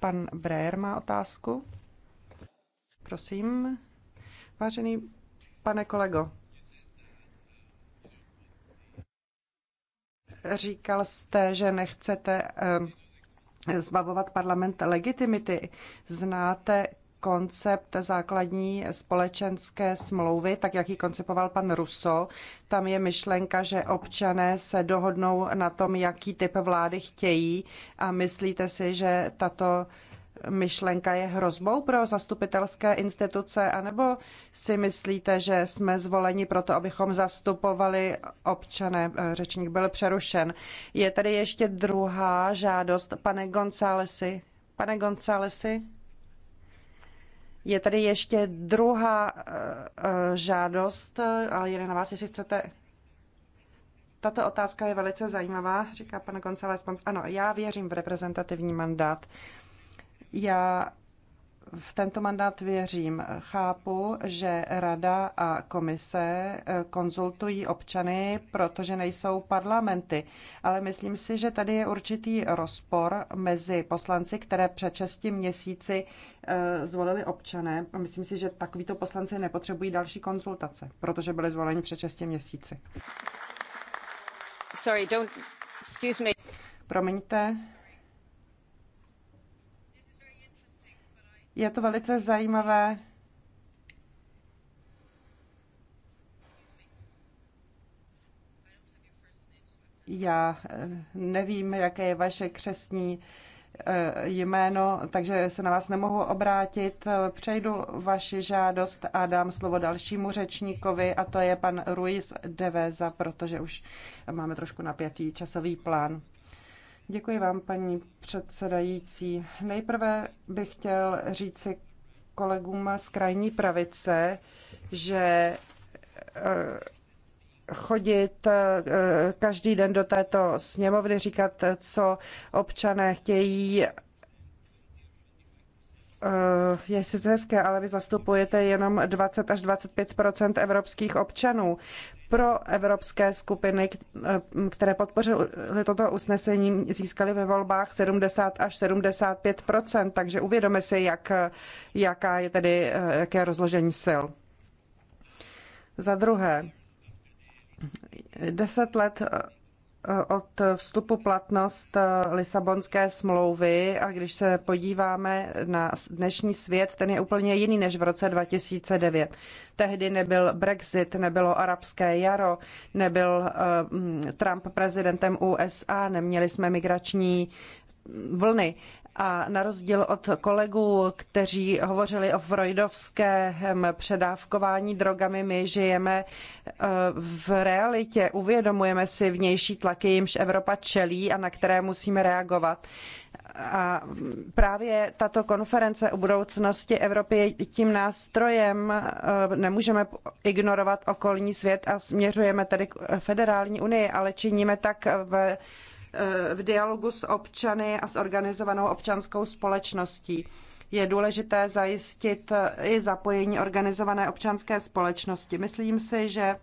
Pan Breer má otázku. Prosím. Vážený pane kolego, říkal jste, že nechcete eh, zbavovat parlament legitimity. Znáte koncept základní společenské smlouvy, tak jak ji koncipoval pan Russo. Tam je myšlenka, že občané se dohodnou na tom, jaký typ vlády chtějí a myslíte si, že tato myšlenka je hrozbou pro zastupitelské instituce, anebo si myslíte, že jsme zvoleni proto, abychom zastupovali občané? Eh, řečník byl přerušen. Je tady ještě druhá žádost. Pane Gonzálesi, pane Gonzálesi, je tady ještě druhá eh, eh, žádost, eh, ale jen na vás, jestli chcete. Tato otázka je velice zajímavá, říká pan González Pons. Ano, já věřím v reprezentativní mandát. Já v tento mandát věřím. Chápu, že rada a komise eh, konzultují občany, protože nejsou parlamenty, ale myslím si, že tady je určitý rozpor mezi poslanci, které před 6 měsíci eh, zvolili občané. A myslím si, že takovýto poslanci nepotřebují další konzultace, protože byli zvoleni před 6 měsíci. Sorry, don't... Excuse me. Promiňte, Je to velice zajímavé. Já eh, nevím, jaké je vaše křesní eh, jméno, takže se na vás nemohu obrátit. Přejdu vaši žádost a dám slovo dalšímu řečníkovi a to je pan Ruiz Deveza, protože už máme trošku napjatý časový plán. Děkuji vám, paní předsedající. Nejprve bych chtěl říci kolegům z krajní pravice, že eh, chodit eh, každý den do této sněmovny, říkat, co občané chtějí, eh, je sice hezké, ale vy zastupujete jenom 20 až 25 evropských občanů pro evropské skupiny, které podpořily toto usnesení, získaly ve volbách 70 až 75 takže uvědome si, jak, jaká je tedy, jaké rozložení sil. Za druhé, deset let Eh, od vstupu platnost eh, Lisabonské smlouvy a když se podíváme na dnešní svět, ten je úplně jiný než v roce 2009. Tehdy nebyl Brexit, nebylo arabské jaro, nebyl eh, Trump prezidentem USA, neměli jsme migrační vlny. A na rozdíl od kolegů, kteří hovořili o freudovském předávkování drogami, my žijeme eh, v realitě, uvědomujeme si vnější tlaky, jimž Evropa čelí a na které musíme reagovat. A právě tato konference o budoucnosti Evropy je tím nástrojem, eh, nemůžeme ignorovat okolní svět a směřujeme tedy k federální unii, ale činíme tak v Eh, v dialogu s občany a s organizovanou občanskou společností. Je důležité zajistit i zapojení organizované občanské společnosti. Myslím si, že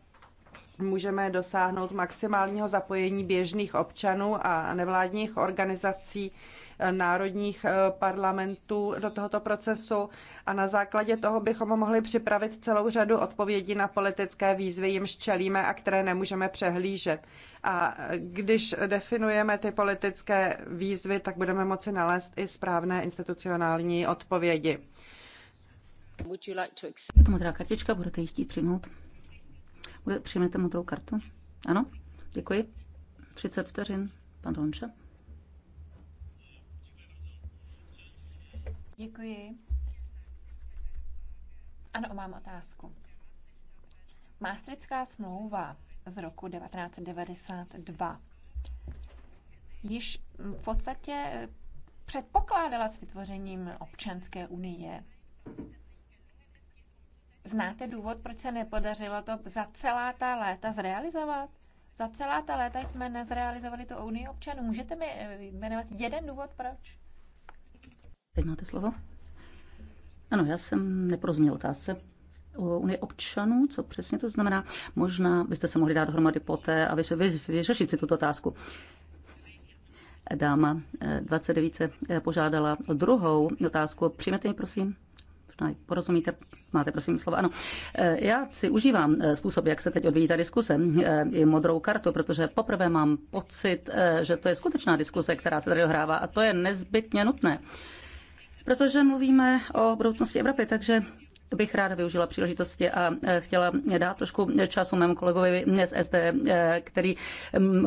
můžeme dosáhnout maximálního zapojení běžných občanů a nevládních organizací eh, národních eh, parlamentů do tohoto procesu a na základě toho bychom mohli připravit celou řadu odpovědí na politické výzvy, jimž čelíme a které nemůžeme přehlížet. A eh, když definujeme ty politické výzvy, tak budeme moci nalézt i správné institucionální odpovědi. to modrá kartička, budete ji chtít přijmout? Bude, přijmete modrou kartu? Ano, děkuji. 30 vteřin, pan Ronča. Děkuji. Ano, mám otázku. Mástrická smlouva z roku 1992 již v podstatě předpokládala s vytvořením občanské unie. Znáte důvod, proč se nepodařilo to za celá ta léta zrealizovat? Za celá ta léta jsme nezrealizovali tu Unii občanů. Můžete mi eh, jmenovat jeden důvod, proč? Teď máte slovo. Ano, já jsem neprozuměl otázce. Unie občanů, co přesně to znamená? Možná byste se mohli dát dohromady poté a vy vyřešit si tuto otázku dáma 29 eh, eh, požádala o druhou otázku. Přijmete ji, prosím? No, porozumíte? Máte prosím slovo? Ano. E, já si užívám e, způsob, jak se teď odvíjí ta diskuse, e, i modrou kartu, protože poprvé mám pocit, že to je skutečná diskuse, která se tady ohrává a to je nezbytně nutné protože mluvíme o budoucnosti Evropy, takže bych ráda využila příležitosti a e, chtěla dát trošku času mému kolegovi z SD, e, který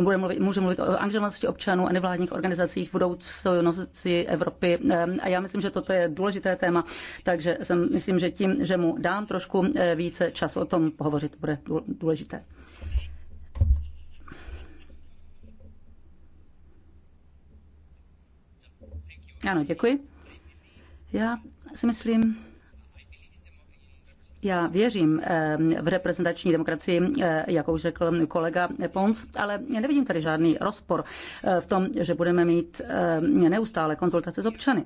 bude mluvit, může mluvit o angažovanosti občanů a nevládních organizacích v budoucnosti Evropy. E, a já myslím, že toto je důležité téma, takže jsem, myslím, že tím, že mu dám trošku více času o tom pohovořit, bude důležité. Ano, děkuji. Já si myslím, já věřím eh, v reprezentační demokracii, eh, jak už řekl kolega Pons, ale nevidím tady žádný rozpor eh, v tom, že budeme mít neustále konzultace s občany.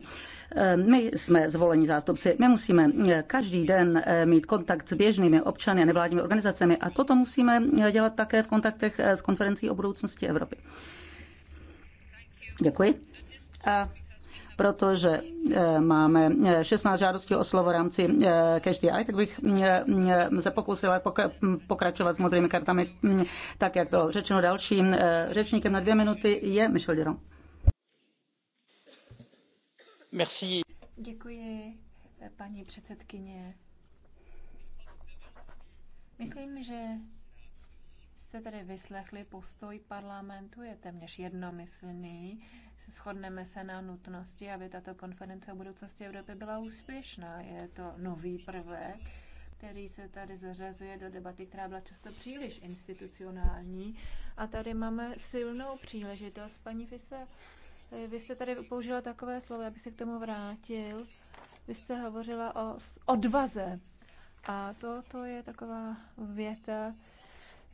My jsme zvolení zástupci, my musíme každý den mít kontakt s běžnými občany a nevládními organizacemi a toto musíme dělat také v kontaktech s konferencí o budoucnosti Evropy. Děkuji. A protože eh, máme 16 eh, žádostí o slovo v rámci každý. Eh, A tak bych se pokusila hm, pokračovat s modrými kartami, hm, tak jak bylo řečeno dalším řečníkem na dvě minuty je Michel Diron. Merci. Děkuji, paní předsedkyně. Myslím, že jste tedy vyslechli, postoj parlamentu je téměř jednomyslný. Shodneme se na nutnosti, aby tato konference o budoucnosti Evropy byla úspěšná. Je to nový prvek, který se tady zařazuje do debaty, která byla často příliš institucionální. A tady máme silnou příležitost. Paní Fise, vy jste tady použila takové slovo, abych se k tomu vrátil. Vy jste hovořila o odvaze. A to, to je taková věta,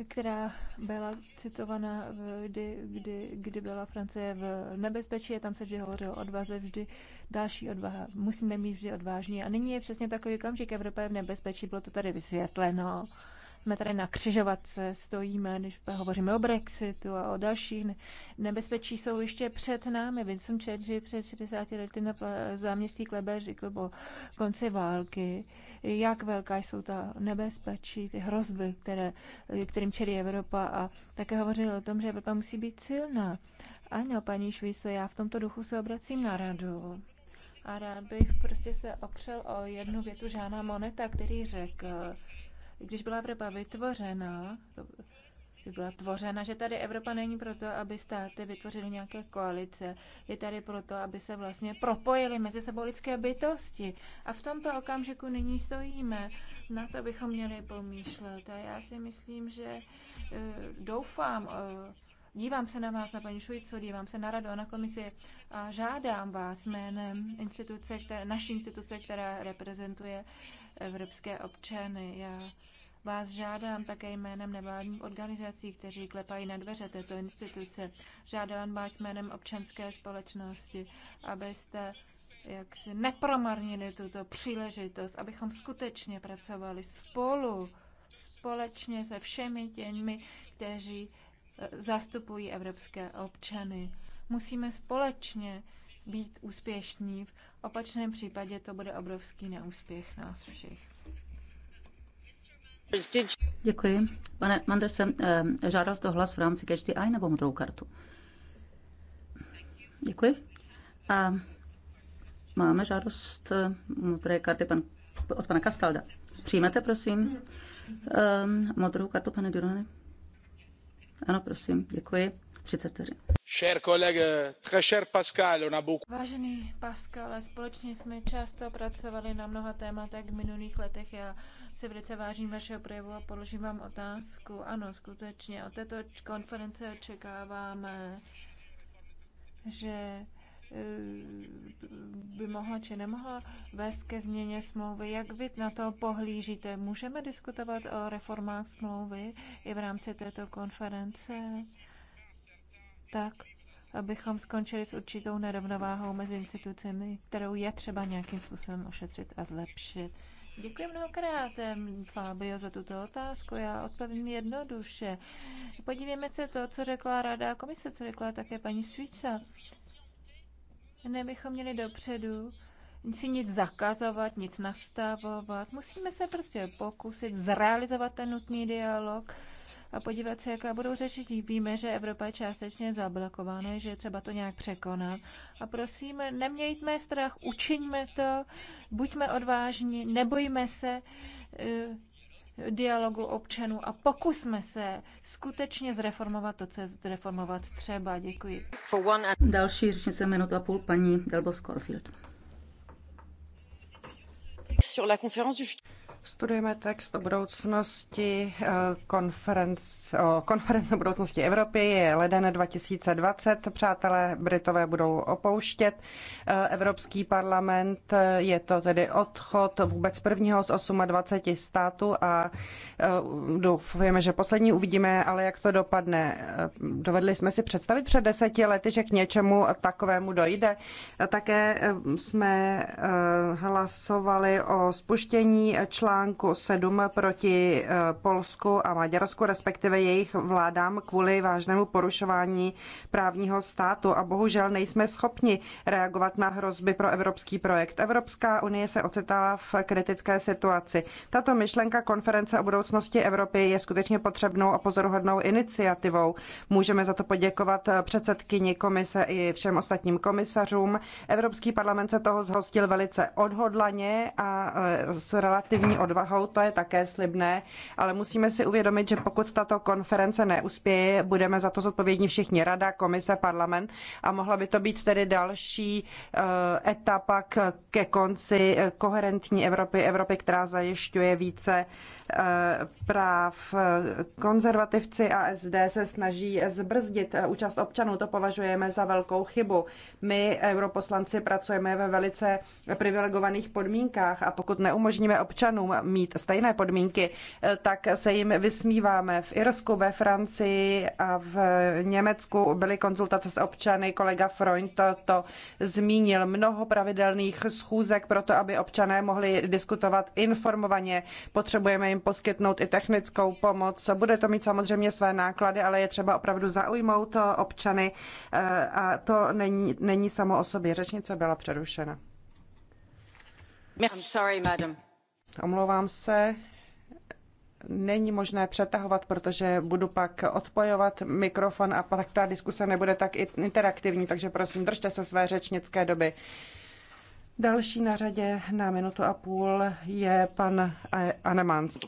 která byla citovaná, kdy, kdy, kdy byla Francie v nebezpečí, je tam se vždy hovořilo o odvaze, vždy další odvaha. Musíme mít vždy odvážně. A nyní je přesně takový okamžik, Evropa je v nebezpečí, bylo to tady vysvětleno jsme tady na křižovatce, stojíme, když hovoříme o Brexitu a o dalších nebezpečí, jsou ještě před námi. Vincent Churchill před 60 lety na záměstí Klebe řekl o konci války, jak velká jsou ta nebezpečí, ty hrozby, které, kterým čelí Evropa a také hovořil o tom, že Evropa musí být silná. Ano, paní Švíse, já v tomto duchu se obracím na radu. A rád bych prostě se opřel o jednu větu Žána Moneta, který řekl, když byla Evropa vytvořena, by byla tvořena, že tady Evropa není proto, aby státy vytvořily nějaké koalice, je tady proto, aby se vlastně propojily mezi sebou lidské bytosti. A v tomto okamžiku nyní stojíme. Na to bychom měli pomýšlet. A já si myslím, že e, doufám, e, dívám se na vás, na paní Šujcu, dívám se na radu a na komisi a žádám vás jménem instituce, které, naší instituce, která reprezentuje uh, evropské občany. Já vás žádám také jménem nevládních organizací, kteří klepají na dveře této instituce. Žádám vás jménem občanské společnosti, abyste jak si nepromarnili tuto příležitost, abychom skutečně pracovali spolu, společně se všemi těmi, kteří eh, zastupují evropské občany. Musíme společně být úspěšní v opačném případě to bude obrovský neúspěch nás všech. Děkuji. Pane Mandersen, eh, žádal jste hlas v rámci Catch the Eye nebo modrou kartu? Děkuji. A máme žádost eh, modré karty pan, od pana Kastalda. Přijmete, prosím, eh, modrou kartu, pane Durane? Ano, prosím, děkuji. 34. Vážený Pascale, společně jsme často pracovali na mnoha tématech v minulých letech. Já si velice vážím vašeho projevu a položím vám otázku. Ano, skutečně, od této konference očekáváme, že eh, by mohla či nemohla vést ke změně smlouvy. Jak vy na to pohlížíte? Můžeme diskutovat o reformách smlouvy i v rámci této konference? tak, abychom skončili s určitou nerovnováhou mezi institucemi, kterou je třeba nějakým způsobem ošetřit a zlepšit. Děkuji mnohokrát, Fabio, za tuto otázku. Já odpovím jednoduše. Podívejme se to, co řekla Rada komise, co řekla také paní Švíca. Nebychom měli dopředu si nic zakazovat, nic nastavovat. Musíme se prostě pokusit zrealizovat ten nutný dialog a podívat se, jaká budou řešení. Víme, že Evropa je částečně zablokována, že je třeba to nějak překonat. A prosím, nemějme strach, učiňme to, buďme odvážní, nebojme se eh, dialogu občanů a pokusme se skutečně zreformovat to, co je zreformovat třeba. Děkuji. Další řečnice minutu a půl paní Delbos Corfield. Studujeme text o budoucnosti eh, konference, o konference o budoucnosti Evropy. Je leden 2020. Přátelé Britové budou opouštět eh, Evropský parlament. Je to tedy odchod vůbec prvního z 28 států a eh, doufujeme, že poslední uvidíme, ale jak to dopadne. Dovedli jsme si představit před deseti lety, že k něčemu takovému dojde. Také jsme hlasovali o spuštění článků článku sedm proti eh, Polsku a Maďarsku, respektive jejich vládám kvůli vážnému porušování právního státu a bohužel nejsme schopni reagovat na hrozby pro evropský projekt. Evropská unie se ocitala v kritické situaci. Tato myšlenka konference o budoucnosti Evropy je skutečně potřebnou a pozoruhodnou iniciativou. Můžeme za to poděkovat eh, předsedkyni komise i všem ostatním komisařům. Evropský parlament se toho zhostil velice odhodlaně a eh, s relativní odvahou, to je také slibné, ale musíme si uvědomit, že pokud tato konference neuspěje, budeme za to zodpovědní všichni rada, komise, parlament a mohla by to být tedy další eh, etapa ke konci eh, koherentní Evropy, Evropy, která zajišťuje více práv. Konzervativci a SD se snaží zbrzdit účast občanů, to považujeme za velkou chybu. My, europoslanci, pracujeme ve velice privilegovaných podmínkách a pokud neumožníme občanům mít stejné podmínky, tak se jim vysmíváme. V Irsku, ve Francii a v Německu byly konzultace s občany, kolega Freund to, to zmínil, mnoho pravidelných schůzek pro to, aby občané mohli diskutovat informovaně. Potřebujeme jim jim poskytnout i technickou pomoc. Bude to mít samozřejmě své náklady, ale je třeba opravdu zaujmout eh, občany eh, a to není, není samo o sobě. Řečnice byla přerušena. I'm sorry, madam. Omlouvám se. Není možné přetahovat, protože budu pak odpojovat mikrofon a pak ta diskuse nebude tak interaktivní, takže prosím, držte se své řečnické doby. Další na řadě na minutu a půl je pan Anemans.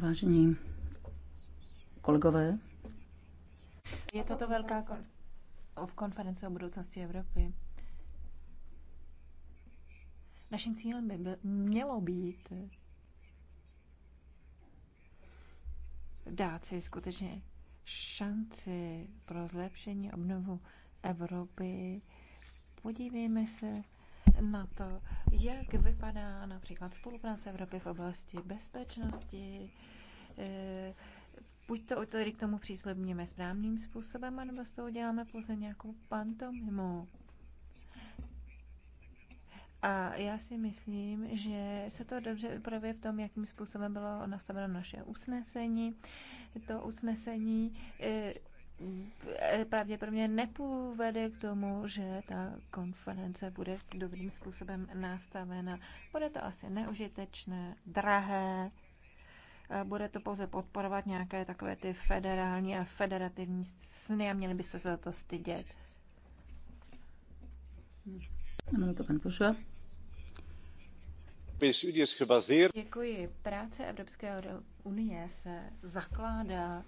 Vážení kolegové, je toto velká konference o budoucnosti Evropy. Naším cílem by byl, mělo být dát si skutečně šanci pro zlepšení obnovu Evropy. Podívejme se na to, jak vypadá například spolupráce Evropy v oblasti bezpečnosti. Eh, buď to tedy k tomu příslibněme správným způsobem, anebo z toho děláme pouze nějakou pantomimu. A já si myslím, že se to dobře vypravuje v tom, jakým způsobem bylo nastaveno naše usnesení. To usnesení eh, Eh, pravděpodobně nepovede k tomu, že ta konference bude dobrým způsobem nastavena. Bude to asi neužitečné, drahé, eh, bude to pouze podporovat nějaké takové ty federální a federativní sny a měli byste se za to stydět. Jmenuji to pan Pošva. Děkuji. Práce Evropské unie se zakládá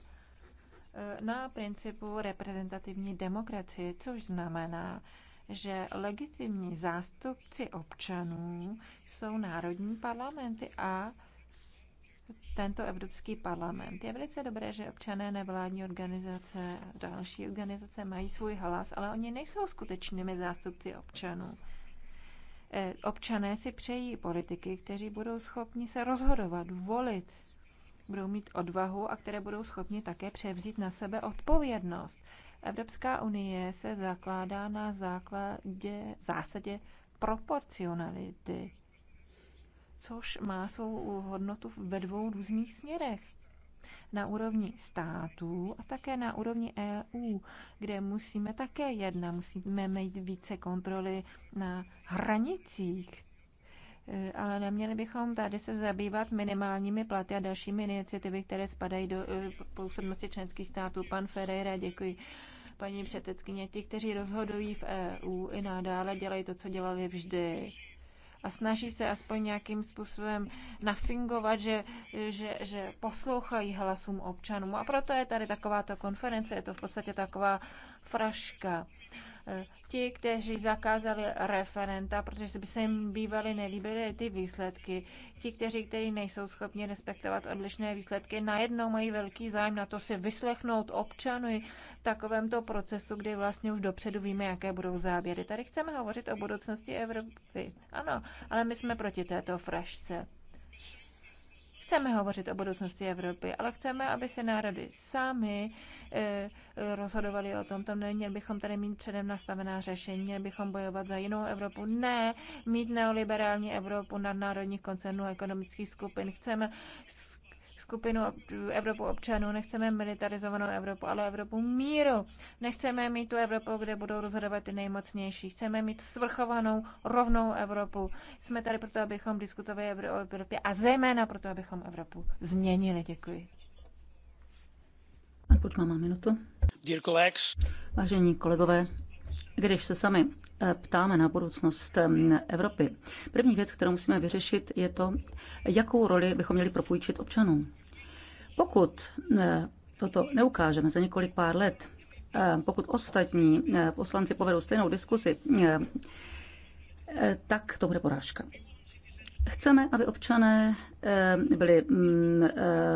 Eh, na principu reprezentativní demokracie, což znamená, že legitimní zástupci občanů jsou národní parlamenty a tento Evropský parlament. Je velice dobré, že občané nevládní organizace, další organizace mají svůj hlas, ale oni nejsou skutečnými zástupci občanů. Eh, občané si přejí politiky, kteří budou schopni se rozhodovat, volit, budou mít odvahu a které budou schopni také převzít na sebe odpovědnost. Evropská unie se zakládá na základě, zásadě proporcionality, což má svou hodnotu ve dvou různých směrech na úrovni států a také na úrovni EU, kde musíme také jednat, musíme mít více kontroly na hranicích. Eh, ale neměli bychom tady se zabývat minimálními platy a dalšími iniciativy, které spadají do eh, působnosti členských států. Pan Ferreira, děkuji paní předsedkyně. Ti, kteří rozhodují v EU i nadále, dělají to, co dělali vždy a snaží se aspoň nějakým způsobem nafingovat, že, že, že poslouchají hlasům občanů. A proto je tady takováto konference, je to v podstatě taková fraška ti, kteří zakázali referenta, protože by se jim bývaly nelíbily ty výsledky, ti, kteří, kteří nejsou schopni respektovat odlišné výsledky, najednou mají velký zájem na to si vyslechnout občany v takovémto procesu, kdy vlastně už dopředu víme, jaké budou závěry. Tady chceme hovořit o budoucnosti Evropy. Ano, ale my jsme proti této frašce. Nechceme hovořit o budoucnosti Evropy, ale chceme, aby se národy sami e, rozhodovali o tom. To neměli bychom tady mít předem nastavená řešení, měli bychom bojovat za jinou Evropu. Ne, mít neoliberální Evropu nadnárodních koncernů a ekonomických skupin. Chceme skupinu Evropu občanů, nechceme militarizovanou Evropu, ale Evropu míru. Nechceme mít tu Evropu, kde budou rozhodovat ty nejmocnější. Chceme mít svrchovanou, rovnou Evropu. Jsme tady proto, abychom diskutovali o Evropě a zejména proto, abychom Evropu změnili. Děkuji. Pan Počma má minutu. Vážení kolegové, když se sami eh, ptáme na budoucnost eh, Evropy, první věc, kterou musíme vyřešit, je to, jakou roli bychom měli propůjčit občanům. Pokud eh, toto neukážeme za několik pár let, eh, pokud ostatní eh, poslanci povedou stejnou diskusi, tak to bude porážka. Chceme, aby občané byli, mm,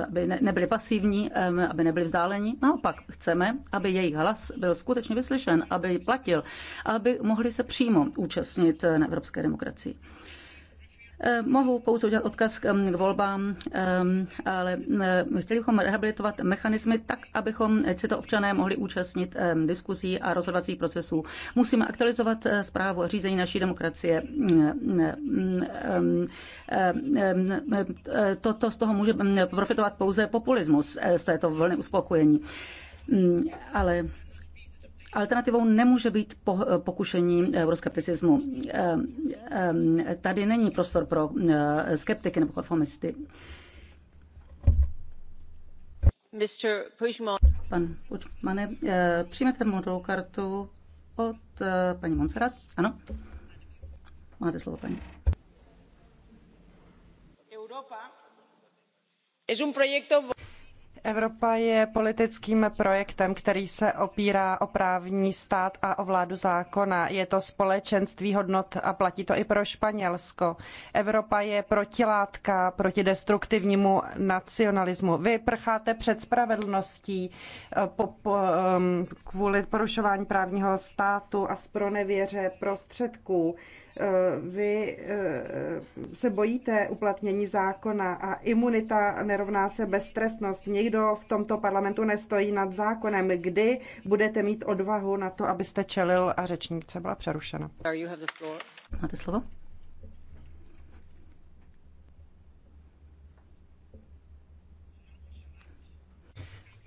aby nebyli pasivní, aby nebyli vzdálení, Naopak chceme, aby jejich hlas byl skutečně vyslyšen, aby platil, aby mohli se přímo účastnit na evropské demokracii. Eh, Mohu pouze udělat odkaz k volbám, ale eh, chtěli bychom rehabilitovat mechanismy tak, abychom tyto občané mohli účastnit diskuzí a rozhodovacích procesů. Musíme aktualizovat eh, zprávu a řízení naší demokracie. Toto mm, z toho může mm, profitovat pouze populismus z této vlny uspokojení. Mm, ale Alternativou nemůže být pokušení euroskepticismu. Eh, eh, tady není prostor pro eh, skeptiky nebo konformisty. Pan Pučmane, přijmete modrou kartu od paní Monserrat? Ano? Máte slovo, paní. Europa un Evropa je politickým projektem, který se opírá o právní stát a o vládu zákona. Je to společenství hodnot a platí to i pro Španělsko. Evropa je protilátka proti destruktivnímu nacionalismu. Vy prcháte před spravedlností eh, ehm, kvůli porušování právního státu a spronevěře prostředků. Eh, vy eh, se bojíte uplatnění zákona a imunita nerovná se beztrestnost. Nikdo v tomto parlamentu nestojí nad zákonem. Kdy budete mít odvahu na to, abyste čelil a řečnice byla přerušena? Máte slovo?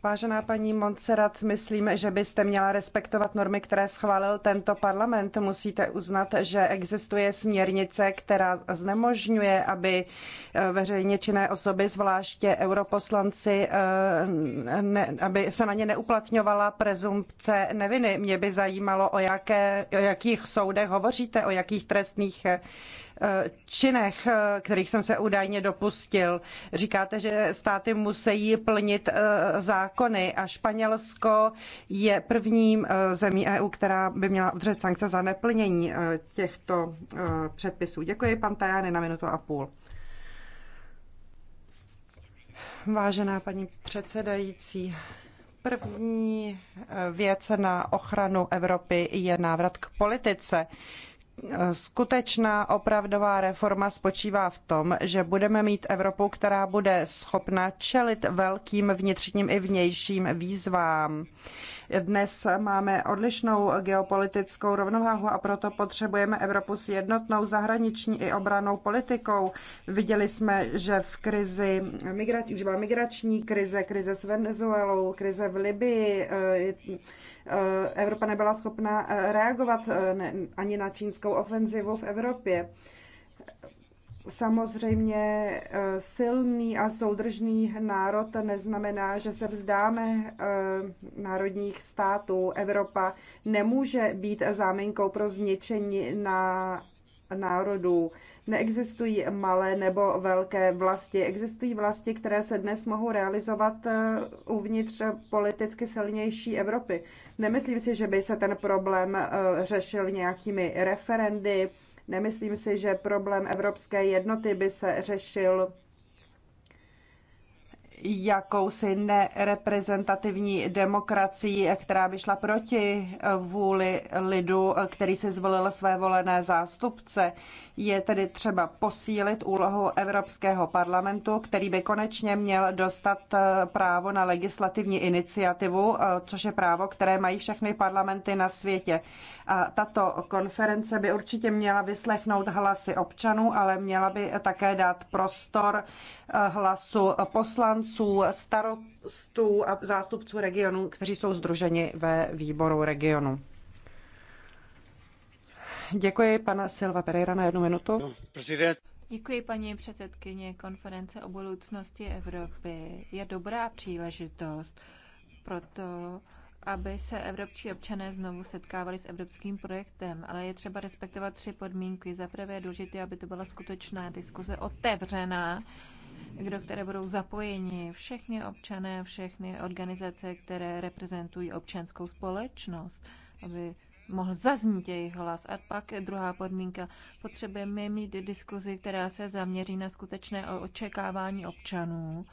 Vážená paní Montserrat, myslím, že byste měla respektovat normy, které schválil tento parlament. Musíte uznat, že existuje směrnice, která znemožňuje, aby eh, veřejně činné osoby, zvláště europoslanci, eh, ne, aby se na ně neuplatňovala prezumpce neviny. Mě by zajímalo, o, jaké, o jakých soudech hovoříte, o jakých trestných eh, činech, kterých jsem se údajně dopustil. Říkáte, že státy musí plnit eh, zákony a Španělsko je prvním eh, zemí EU, která by měla udržet sankce za neplnění eh, těchto předpisů. Děkuji, pan Tajany, na minutu a půl. Vážená paní předsedající, první věc na ochranu Evropy je návrat k politice skutečná opravdová reforma spočívá v tom, že budeme mít Evropu, která bude schopna čelit velkým vnitřním i vnějším výzvám. Dnes máme odlišnou geopolitickou rovnováhu a proto potřebujeme Evropu s jednotnou zahraniční i obranou politikou. Viděli jsme, že v krizi, že byla migrační krize, krize s Venezuelou, krize v Libii, Evropa nebyla schopna reagovat ani na čínskou ofenzivu v Evropě. Samozřejmě eh, silný a soudržný národ neznamená, že se vzdáme eh, národních států. Evropa nemůže být záminkou pro zničení na národů. Neexistují malé nebo velké vlasti. Existují vlasti, které se dnes mohou realizovat eh, uvnitř politicky silnější Evropy. Nemyslím si, že by se ten problém řešil nějakými referendy, Nemyslím si, že problém evropské jednoty by se řešil jakousi nereprezentativní demokracii, která by šla proti vůli lidu, který si zvolil své volené zástupce. Je tedy třeba posílit úlohu Evropského parlamentu, který by konečně měl dostat právo na legislativní iniciativu, což je právo, které mají všechny parlamenty na světě. A tato konference by určitě měla vyslechnout hlasy občanů, ale měla by také dát prostor hlasu poslanců, starostů a zástupců regionů, kteří jsou združeni ve výboru regionu. Děkuji, pana Silva Pereira, na jednu minutu. Děkuji, paní předsedkyně. Konference o budoucnosti Evropy je dobrá příležitost pro to, aby se evropští občané znovu setkávali s evropským projektem, ale je třeba respektovat tři podmínky. Za prvé je důležité, aby to byla skutečná diskuze otevřená do které budou zapojeni všechny občané, všechny organizace, které reprezentují občanskou společnost, aby mohl zaznít jejich hlas. A pak druhá podmínka. Potřebujeme mít diskuzi, která se zaměří na skutečné očekávání občanů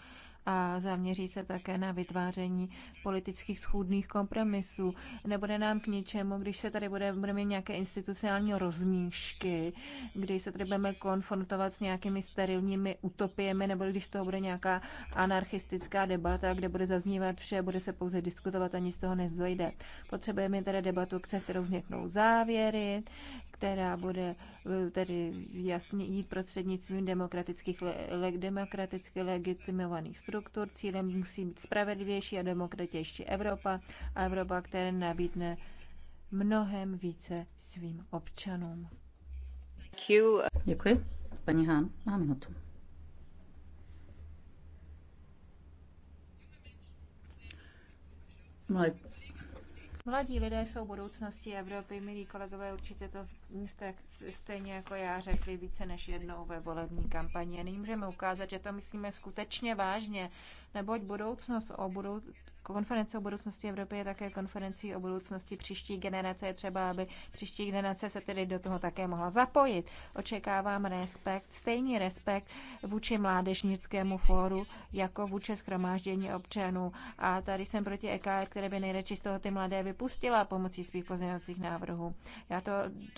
a zaměří se také na vytváření politických schůdných kompromisů. Nebude nám k ničemu, když se tady bude, budeme mít nějaké institucionální rozmíšky, když se tady budeme konfrontovat s nějakými sterilními utopiemi, nebo když z toho bude nějaká anarchistická debata, kde bude zaznívat vše, bude se pouze diskutovat a nic z toho nezdojde. Potřebujeme tedy debatu, se kterou vzniknou závěry, která bude eh, tedy jasně jít prostřednictvím demokratických, le, demokraticky legitimovaných struktur. Cílem musí být spravedlivější a demokratější Evropa a Evropa, která nabídne mnohem více svým občanům. Děkuji. Paní Hán, má minutu. Mlad, Mladí lidé jsou budoucností Evropy. Milí kolegové, určitě to jste stejně jako já řekli více než jednou ve volební kampani. Nyní můžeme ukázat, že to myslíme skutečně vážně, neboť budoucnost o budou, Konference o budoucnosti Evropy je také konferencí o budoucnosti příští generace. Je třeba, aby příští generace se tedy do toho také mohla zapojit. Očekávám respekt, stejný respekt vůči mládežnickému fóru jako vůči schromáždění občanů. A tady jsem proti EKR, které by nejradši z toho ty mladé vypustila pomocí svých pozměňovacích návrhů. Já to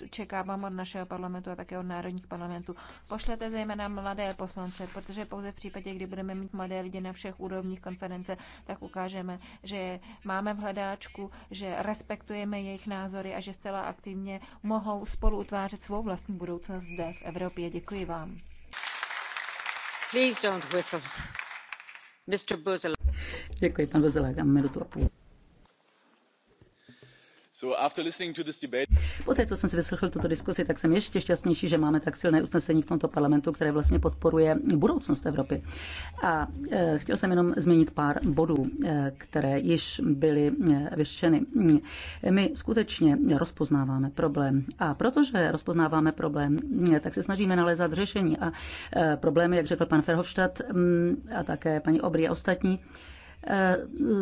čekávám od našeho parlamentu a také od národních parlamentů. Pošlete zejména mladé poslance, protože pouze v případě, kdy budeme mít mladé lidi na všech úrovních konference, tak ukážeme, že je máme v hledáčku, že respektujeme jejich názory a že zcela aktivně mohou spolu utvářet svou vlastní budoucnost zde v Evropě. Děkuji vám. Please don't whistle. Mr. Buzela. Děkuji, pan Buzela, minutu a půl. Poté, co jsem si vyslechl tuto diskusi, tak jsem ještě šťastnější, že máme tak silné usnesení v tomto parlamentu, které vlastně podporuje budoucnost Evropy. A e, chtěl jsem jenom zmínit pár bodů, e, které již byly e, vyřčeny. My skutečně rozpoznáváme problém. A protože rozpoznáváme problém, tak se snažíme nalézat řešení. A problémy, jak řekl pan Ferhofstadt mm, a také paní Obry a ostatní,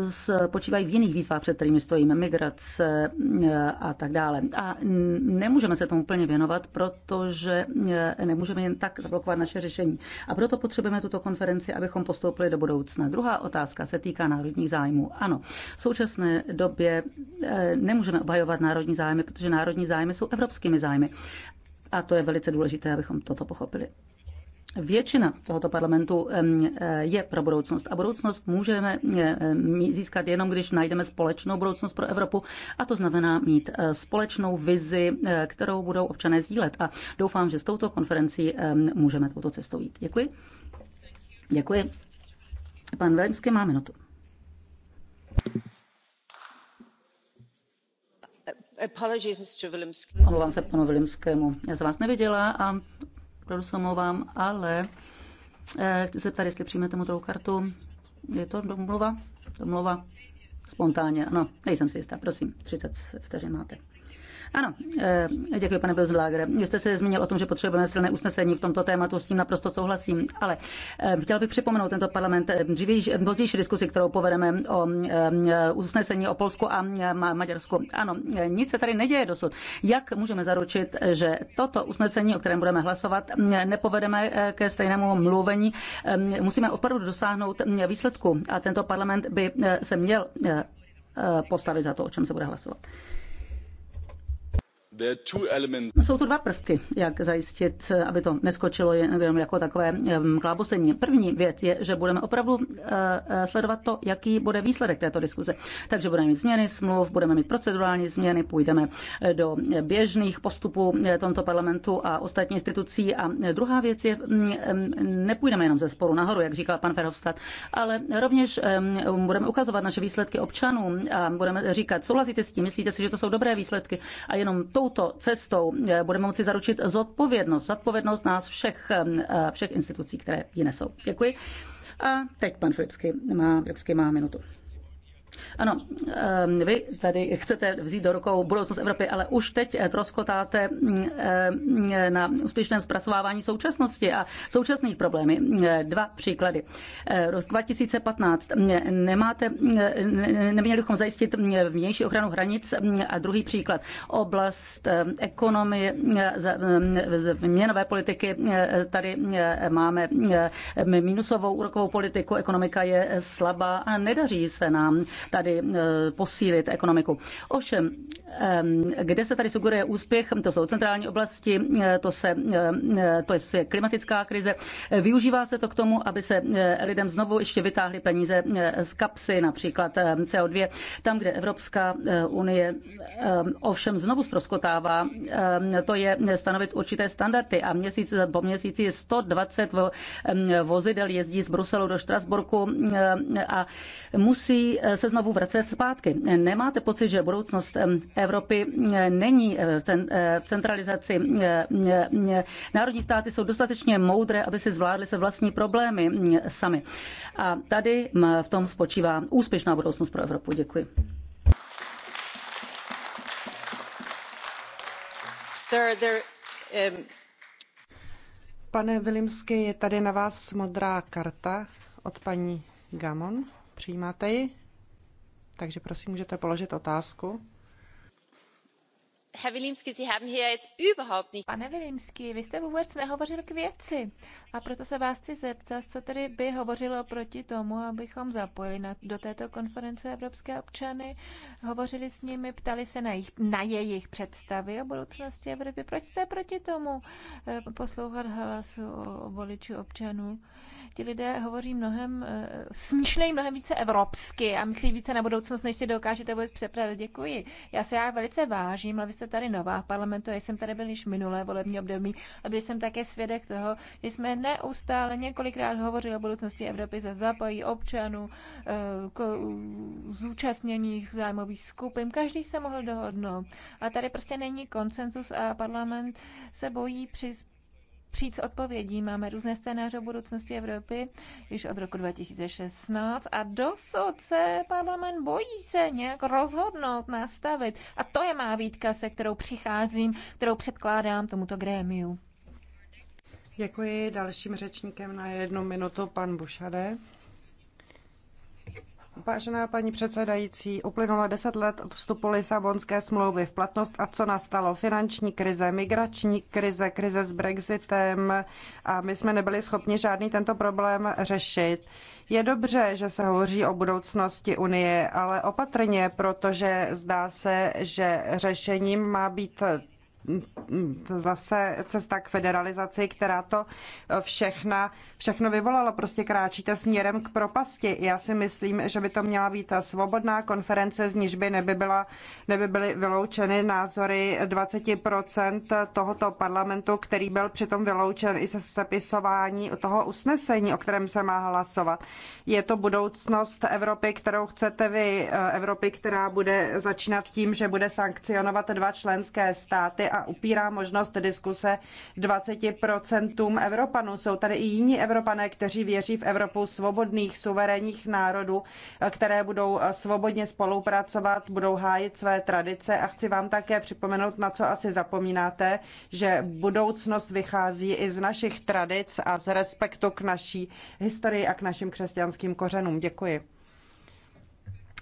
spočívají v jiných výzvách, před kterými stojíme, migrace eh, a tak dále. A nemůžeme se tomu plně věnovat, protože eh, nemůžeme jen tak zablokovat naše řešení. A proto potřebujeme tuto konferenci, abychom postoupili do budoucna. Druhá otázka se týká národních zájmů. Ano, v současné době eh, nemůžeme obhajovat národní zájmy, protože národní zájmy jsou evropskými zájmy. A to je velice důležité, abychom toto pochopili. Většina tohoto parlamentu eh, je pro budoucnost a budoucnost můžeme eh, získat jenom, když najdeme společnou budoucnost pro Evropu a to znamená mít eh, společnou vizi, kterou budou občané sdílet a doufám, že s touto konferencí můžeme touto cestou jít. Děkuji. Děkuji. Pan Velimský má minutu. Omlouvám se panu Vilimskému. Já jsem vás neviděla a opravdu se omlouvám, ale eh, chci se ptát, jestli přijmete modrou kartu. Je to domluva? Domluva. Spontánně, ano. Nejsem si jistá, prosím. 30 vteřin máte. Ano, eh, děkuji, pane Bezláger. Vy jste se zmínil o tom, že potřebujeme silné usnesení v tomto tématu, s tím naprosto souhlasím, ale eh, chtěl bych připomenout tento parlament eh, dřívější, pozdější diskusi, kterou povedeme o usnesení o Polsku a Maďarsku. Ano, nic se tady neděje dosud. Jak můžeme zaručit, že toto usnesení, o kterém budeme hlasovat, nepovedeme ke stejnému mluvení? Musíme opravdu dosáhnout výsledku a tento parlament by se měl postavit za to, o čem se bude hlasovat. No, jsou tu dva prvky, jak zajistit, aby to neskočilo jenom jako takové klábosení. První věc je, že budeme opravdu eh, eh, sledovat to, jaký bude výsledek této diskuze. Takže budeme mít změny smluv, budeme mít procedurální změny, půjdeme eh, do běžných postupů tomto parlamentu a ostatních institucí. A druhá věc je, mm, nepůjdeme jenom ze sporu nahoru, jak říkal pan Ferhofstadt, ale rovněž budeme ukazovat naše výsledky občanům a budeme říkat, souhlasíte s tím, myslíte si, že to jsou dobré výsledky a jenom to touto cestou eh, budeme moci zaručit zodpovědnost, zodpovědnost nás všech, eh, všech institucí, které ji nesou. Děkuji. A teď pan Filipsky má, Filipsky má minutu. Ano, ehm, vy tady chcete vzít do rukou budoucnost Evropy, ale už teď eh, troskotáte mm, eh, na úspěšném zpracovávání současnosti a současných problémů. Eh, dva příklady. Rok 2015 mm, nemáte, mm, neměli bychom zajistit vnější ochranu hranic a druhý příklad. Oblast ekonomie, měnové politiky, tady máme minusovou úrokovou politiku, ekonomika je slabá a nedaří se nám tady e, posílit ekonomiku. Ovšem, kde se tady suguruje úspěch, to jsou centrální oblasti, e, to, se, e, to je klimatická krize. Využívá se to k tomu, aby se lidem znovu ještě vytáhly peníze z kapsy, například CO2, tam, kde Evropská unie ovšem znovu stroskotává, to je stanovit určité standardy a měsíc po měsíci 120 vozidel jezdí z Bruselu do Štrasburku a musí se znovu vracet zpátky. Nemáte pocit, že budoucnost Evropy není v centralizaci? Národní státy jsou dostatečně moudré, aby si zvládly se vlastní problémy sami. A tady v tom spočívá úspěšná budoucnost pro Evropu. Děkuji. Sir, there, um... Pane Vilimsky, je tady na vás modrá karta od paní Gamon. Přijímáte ji? takže prosím, můžete položit otázku. Pane Vilimsky, vy jste vůbec nehovořil k věci. A proto se vás chci zeptat, co tedy by hovořilo proti tomu, abychom zapojili na, do této konference evropské občany, hovořili s nimi, ptali se na, jich, na jejich představy o budoucnosti Evropy. Proč jste proti tomu eh, poslouchat hlasu voličů občanů? ti lidé hovoří mnohem, eh, smýšlejí mnohem více evropsky a myslí více na budoucnost, než si dokážete vůbec přepravit. Děkuji. Já se já velice vážím, ale vy jste tady nová v parlamentu, já jsem tady byl již minulé volební období a byl jsem také svědek toho, že jsme neustále několikrát hovořili o budoucnosti Evropy za zapojí občanů, eh, zúčastněných zájmových skupin. Každý se mohl dohodnout. A tady prostě není konsenzus a parlament se bojí při přijít s odpovědí. Máme různé scénáře o budoucnosti Evropy již od roku 2016 a dosud se parlament bojí se nějak rozhodnout, nastavit. A to je má výtka, se kterou přicházím, kterou předkládám tomuto grémiu. Děkuji. Dalším řečníkem na jednu minutu pan Bušade. Vážená paní předsedající, uplynulo deset let od vstupu Lisabonské smlouvy v platnost a co nastalo? Finanční krize, migrační krize, krize s Brexitem a my jsme nebyli schopni žádný tento problém řešit. Je dobře, že se hovoří o budoucnosti Unie, ale opatrně, protože zdá se, že řešením má být zase cesta k federalizaci, která to všechna, všechno vyvolala. Prostě kráčíte směrem k propasti. Já si myslím, že by to měla být ta svobodná konference, z níž by neby, byla, neby byly vyloučeny názory 20% tohoto parlamentu, který byl přitom vyloučen i se zapisování toho usnesení, o kterém se má hlasovat. Je to budoucnost Evropy, kterou chcete vy, Evropy, která bude začínat tím, že bude sankcionovat dva členské státy a upírá možnost diskuse 20% Evropanů. Jsou tady i jiní Evropané, kteří věří v Evropu svobodných, suverénních národů, které budou svobodně spolupracovat, budou hájit své tradice a chci vám také připomenout, na co asi zapomínáte, že budoucnost vychází i z našich tradic a z respektu k naší historii a k našim křesťanským kořenům. Děkuji.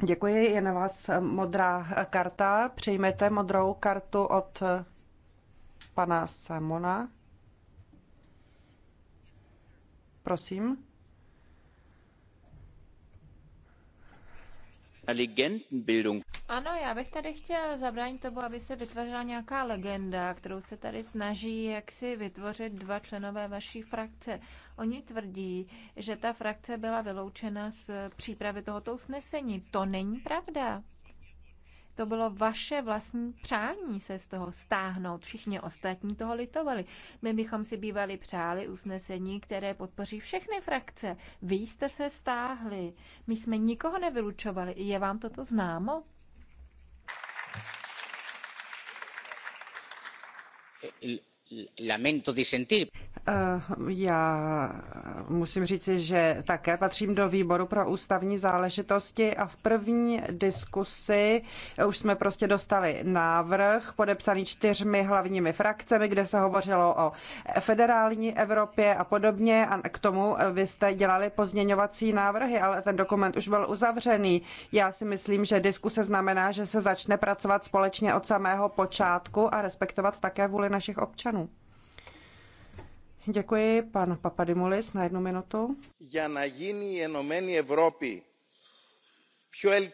Děkuji, je na vás modrá karta. Přijmete modrou kartu od pana Simona. Prosím. Ano, já bych tady chtěl zabránit tomu, aby se vytvořila nějaká legenda, kterou se tady snaží jak si vytvořit dva členové vaší frakce. Oni tvrdí, že ta frakce byla vyloučena z přípravy tohoto usnesení. To není pravda. To bylo vaše vlastní přání se z toho stáhnout. Všichni ostatní toho litovali. My bychom si bývali přáli usnesení, které podpoří všechny frakce. Vy jste se stáhli. My jsme nikoho nevylučovali. Je vám toto známo? lamento disentir. Eh, já musím říci, že také patřím do výboru pro ústavní záležitosti a v první diskusi už jsme prostě dostali návrh podepsaný čtyřmi hlavními frakcemi, kde se hovořilo o federální Evropě a podobně a k tomu vy jste dělali pozměňovací návrhy, ale ten dokument už byl uzavřený. Já si myslím, že diskuse znamená, že se začne pracovat společně od samého počátku a respektovat také vůli našich občanů. Děkuji, pan Papadimulis, na jednu minutu.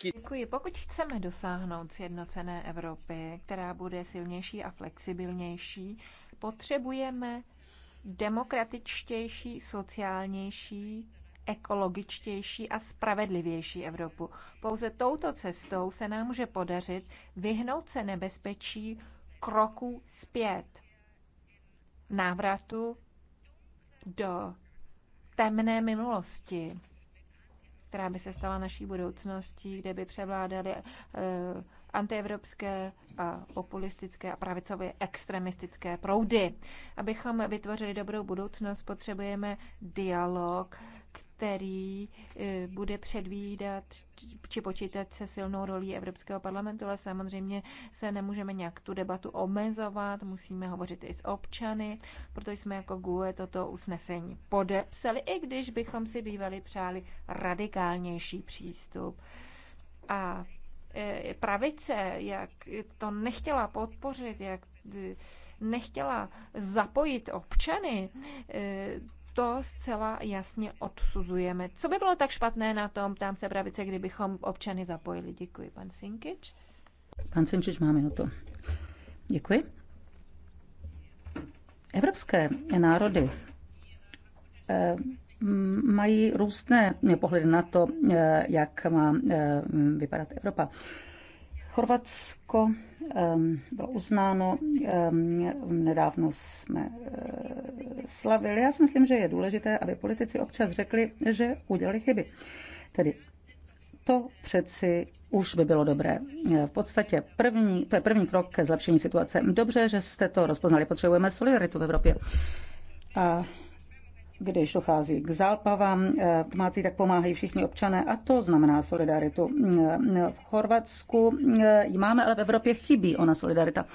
Děkuji. Pokud chceme dosáhnout sjednocené Evropy, která bude silnější a flexibilnější, potřebujeme demokratičtější, sociálnější, ekologičtější a spravedlivější Evropu. Pouze touto cestou se nám může podařit vyhnout se nebezpečí kroku zpět, návratu do temné minulosti, která by se stala naší budoucností, kde by převládaly e, antievropské a populistické a pravicově extremistické proudy. Abychom vytvořili dobrou budoucnost, potřebujeme dialog, který eh, bude předvídat či počítat se silnou rolí Evropského parlamentu, ale samozřejmě se nemůžeme nějak tu debatu omezovat, musíme hovořit i s občany, proto jsme jako GUE toto usnesení podepsali, i když bychom si bývali přáli radikálnější přístup. A eh, pravice, jak to nechtěla podpořit, jak eh, nechtěla zapojit občany, to zcela jasně odsuzujeme. Co by bylo tak špatné na tom, tam se pravice, kdybychom občany zapojili? Děkuji, pan Sinkič. Pan Sinkič má minutu. Děkuji. Evropské národy eh, mají různé pohledy na to, eh, jak má eh, vypadat Evropa. Chorvatsko bylo uznáno, nedávno jsme eh, slavili. Já si myslím, že je důležité, aby politici občas řekli, že udělali chyby. Tedy to přeci už by bylo dobré. Eh, v podstatě první, to je první krok ke zlepšení situace. Dobře, že jste to rozpoznali, potřebujeme solidaritu v Evropě. A když dochází k záplavám, eh, pomácí, tak pomáhají všichni občané a to znamená solidaritu. Eh, v Chorvatsku eh, ji máme, ale v Evropě chybí ona solidarita.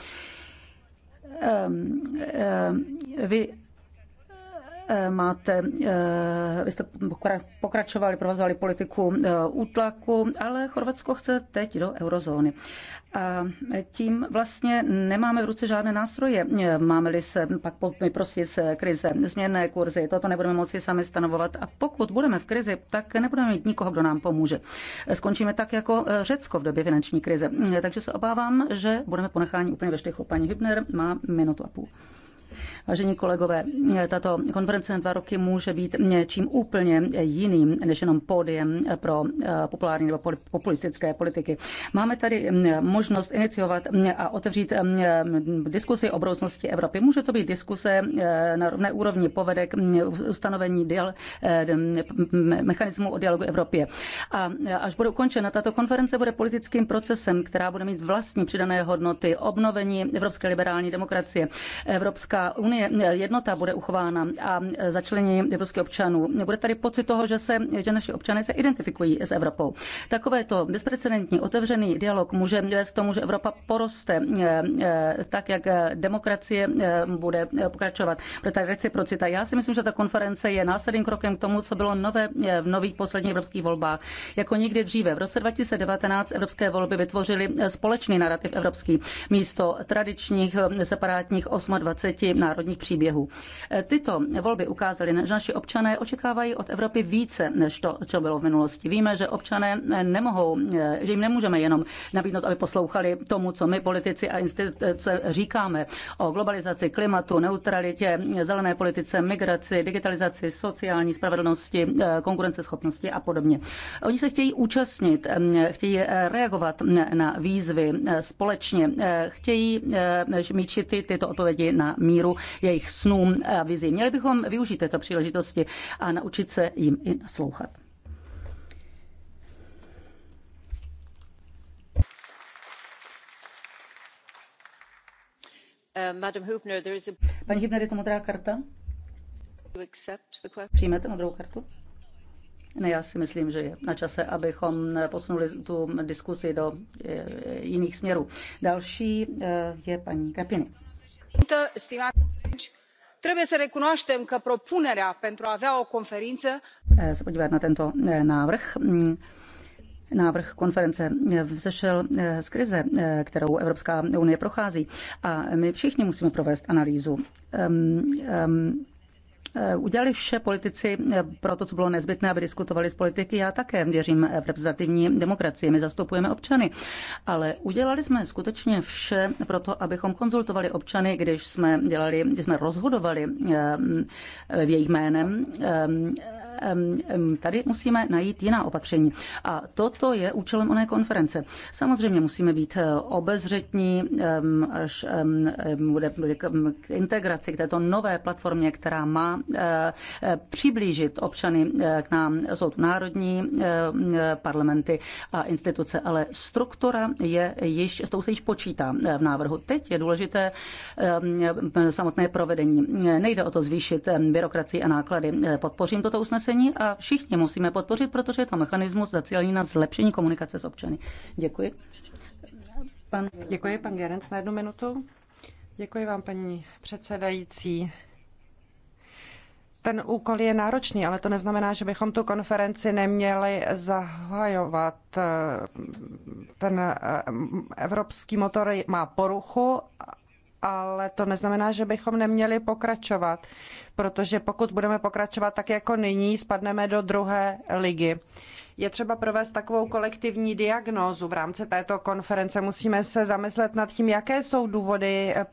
Ehm, ehm, vy Eh, máte, eh, vy jste pokračovali, provozovali politiku eh, útlaku, ale Chorvatsko chce teď do eurozóny. A tím vlastně nemáme v ruce žádné nástroje. Máme-li se pak vyprostit z krize, změnné kurzy, toto nebudeme moci sami stanovovat. A pokud budeme v krizi, tak nebudeme mít nikoho, kdo nám pomůže. Skončíme tak jako Řecko v době finanční krize. Takže se obávám, že budeme ponecháni úplně ve štychu. Paní Hübner má minutu a půl. Vážení kolegové, tato konference na dva roky může být něčím úplně jiným, než jenom pódiem pro eh, populární nebo populistické politiky. Máme tady eh, možnost iniciovat eh, a otevřít diskusy o budoucnosti Evropy. Může to být diskuse na rovné úrovni povedek ustanovení dial, mechanismu o dialogu Evropě. A až bude ukončena tato konference, bude politickým procesem, která bude mít vlastní přidané hodnoty, obnovení evropské liberální demokracie, evropská unie, jednota bude uchována a začlenění evropských občanů. Bude tady pocit toho, že, se, že naši občané se identifikují s Evropou. Takovéto bezprecedentní otevřený dialog může vést k tomu, že Evropa poroste eh, eh, tak, jak demokracie eh, bude pokračovat. Bude tady reciprocita. Já si myslím, že ta konference je následným krokem k tomu, co bylo nové v nových posledních evropských volbách. Jako nikdy dříve. V roce 2019 evropské volby vytvořily společný narrativ evropský místo tradičních separátních 28 národních příběhů. E, tyto volby ukázaly, že naši občané očekávají od Evropy více, než to, co bylo v minulosti. Víme, že občané nemohou, e, že jim nemůžeme jenom nabídnout, aby poslouchali tomu, co my politici a instituce říkáme o globalizaci, klimatu, neutralitě, zelené politice, migraci, digitalizaci, sociální spravedlnosti, e, konkurenceschopnosti a podobně. Oni se chtějí účastnit, chtějí reagovat na výzvy společně, chtějí míčit tyto odpovědi na míru míru jejich snů a vizí. Měli bychom využít této příležitosti a naučit se jim i naslouchat. Uh, paní Hübner, je to modrá karta? Přijmete modrou kartu? Ne, já si myslím, že je na čase, abychom posunuli tu diskusi do eh, jiných směrů. Další eh, je paní Kapiny doamnă președintă stimați colegi trebuie să recunoaștem că propunerea pentru a avea o conferință. Eh, na tento eh, návrh. Mm, návrh konference eh, vzešel z krize, kterou Evropská unie prochází. A my všichni musíme provést analýzu. Um, um, Eh, udělali vše politici eh, pro to, co bylo nezbytné, aby diskutovali s politiky. Já také věřím v reprezentativní demokracii, my zastupujeme občany, ale udělali jsme skutečně vše pro to, abychom konzultovali občany, když jsme dělali, když jsme rozhodovali eh, v jejich jménem tady musíme najít jiná opatření. A toto je účelem oné konference. Samozřejmě musíme být eh, obezřetní, až bude k integraci, k této nové platformě, která má eh, eh, přiblížit občany k nám. Jsou tu národní parlamenty a instituce, ale struktura je již, s tou se již počítá v návrhu. Teď je důležité samotné provedení. Nejde o to zvýšit byrokracii a náklady. Podpořím toto usnesení opatření a všichni musíme podpořit, protože je to mechanismus zacílený na zlepšení komunikace s občany. Děkuji. Pan... Děkuji, pan Gerenc, na jednu minutu. Děkuji vám, paní předsedající. Ten úkol je náročný, ale to neznamená, že bychom tu konferenci neměli zahajovat. Ten eh, evropský motor má poruchu ale to neznamená, že bychom neměli pokračovat, protože pokud budeme pokračovat tak jako nyní, spadneme do druhé ligy. Je třeba provést takovou kolektivní diagnózu v rámci této konference. Musíme se zamyslet nad tím, jaké jsou důvody eh,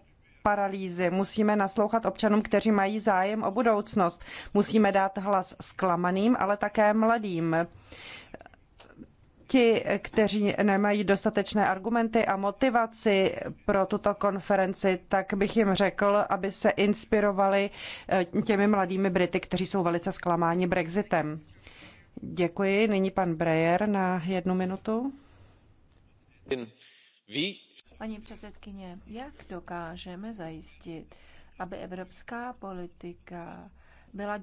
paralýzy. Musíme naslouchat občanům, kteří mají zájem o budoucnost. Musíme dát hlas zklamaným, ale také mladým ti, kteří nemají dostatečné argumenty a motivaci pro tuto konferenci, tak bych jim řekl, aby se inspirovali eh, těmi mladými Brity, kteří jsou velice zklamáni Brexitem. Děkuji. Nyní pan Breyer na jednu minutu. Paní předsedkyně, jak dokážeme zajistit, aby evropská politika byla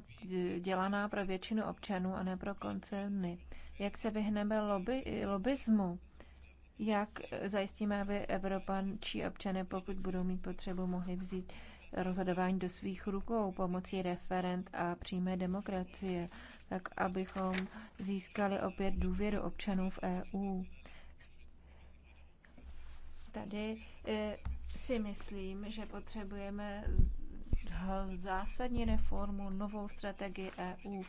dělaná pro většinu občanů a ne pro koncerny? jak se vyhneme lobby, lobbyzmu, jak zajistíme, aby Evropančí občané, pokud budou mít potřebu, mohli vzít rozhodování do svých rukou pomocí referent a přímé demokracie, tak abychom získali opět důvěru občanů v EU. Tady eh, si myslím, že potřebujeme zásadní reformu, novou strategii EU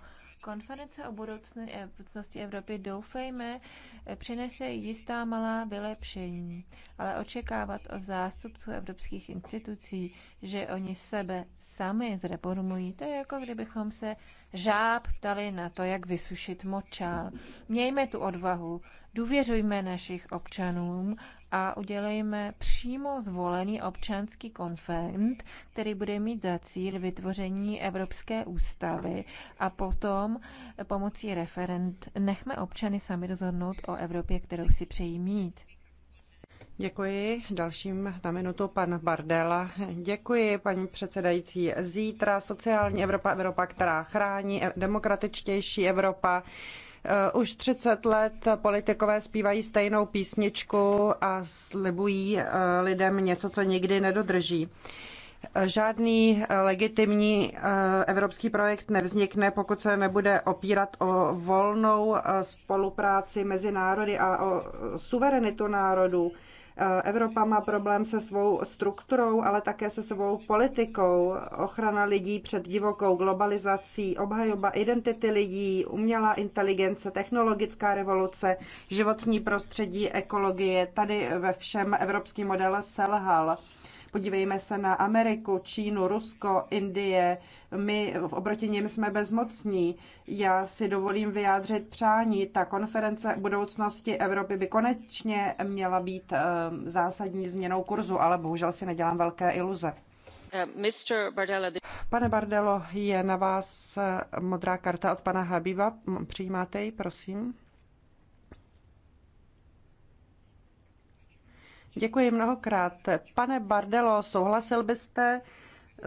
Konference o budoucnosti eh, Evropy doufejme eh, přinese jistá malá vylepšení, ale očekávat od zástupců evropských institucí, že oni sebe sami zreformují, to je jako kdybychom se žáb ptali na to, jak vysušit močál. Mějme tu odvahu, důvěřujme našich občanům a udělejme přímo zvolený občanský konferent, který bude mít za cíl vytvoření Evropské ústavy a potom pomocí referent nechme občany sami rozhodnout o Evropě, kterou si přejí mít. Děkuji. Dalším na minutu pan Bardela. Děkuji, paní předsedající. Zítra sociální Evropa, Evropa, která chrání, demokratičtější Evropa Eh, už 30 let politikové zpívají stejnou písničku a slibují eh, lidem něco, co nikdy nedodrží. Eh, žádný legitimní evropský projekt nevznikne, pokud se nebude opírat o volnou spolupráci mezi národy a o suverenitu národů. Eh, Evropa má problém se svou strukturou, ale také se svou politikou. Ochrana lidí před divokou globalizací, obhajoba identity lidí, umělá inteligence, technologická revoluce, životní prostředí, ekologie. Tady ve všem evropský model selhal. Podívejme se na Ameriku, Čínu, Rusko, Indie. My v obroti nim jsme bezmocní. Já si dovolím vyjádřit přání. Ta konference budoucnosti Evropy by konečně měla být eh, zásadní změnou kurzu, ale bohužel si nedělám velké iluze. Eh, Pane Bardello, je na vás eh, modrá karta od pana Habiba. Přijímáte ji, prosím? Děkuji mnohokrát. Pane Bardelo, souhlasil byste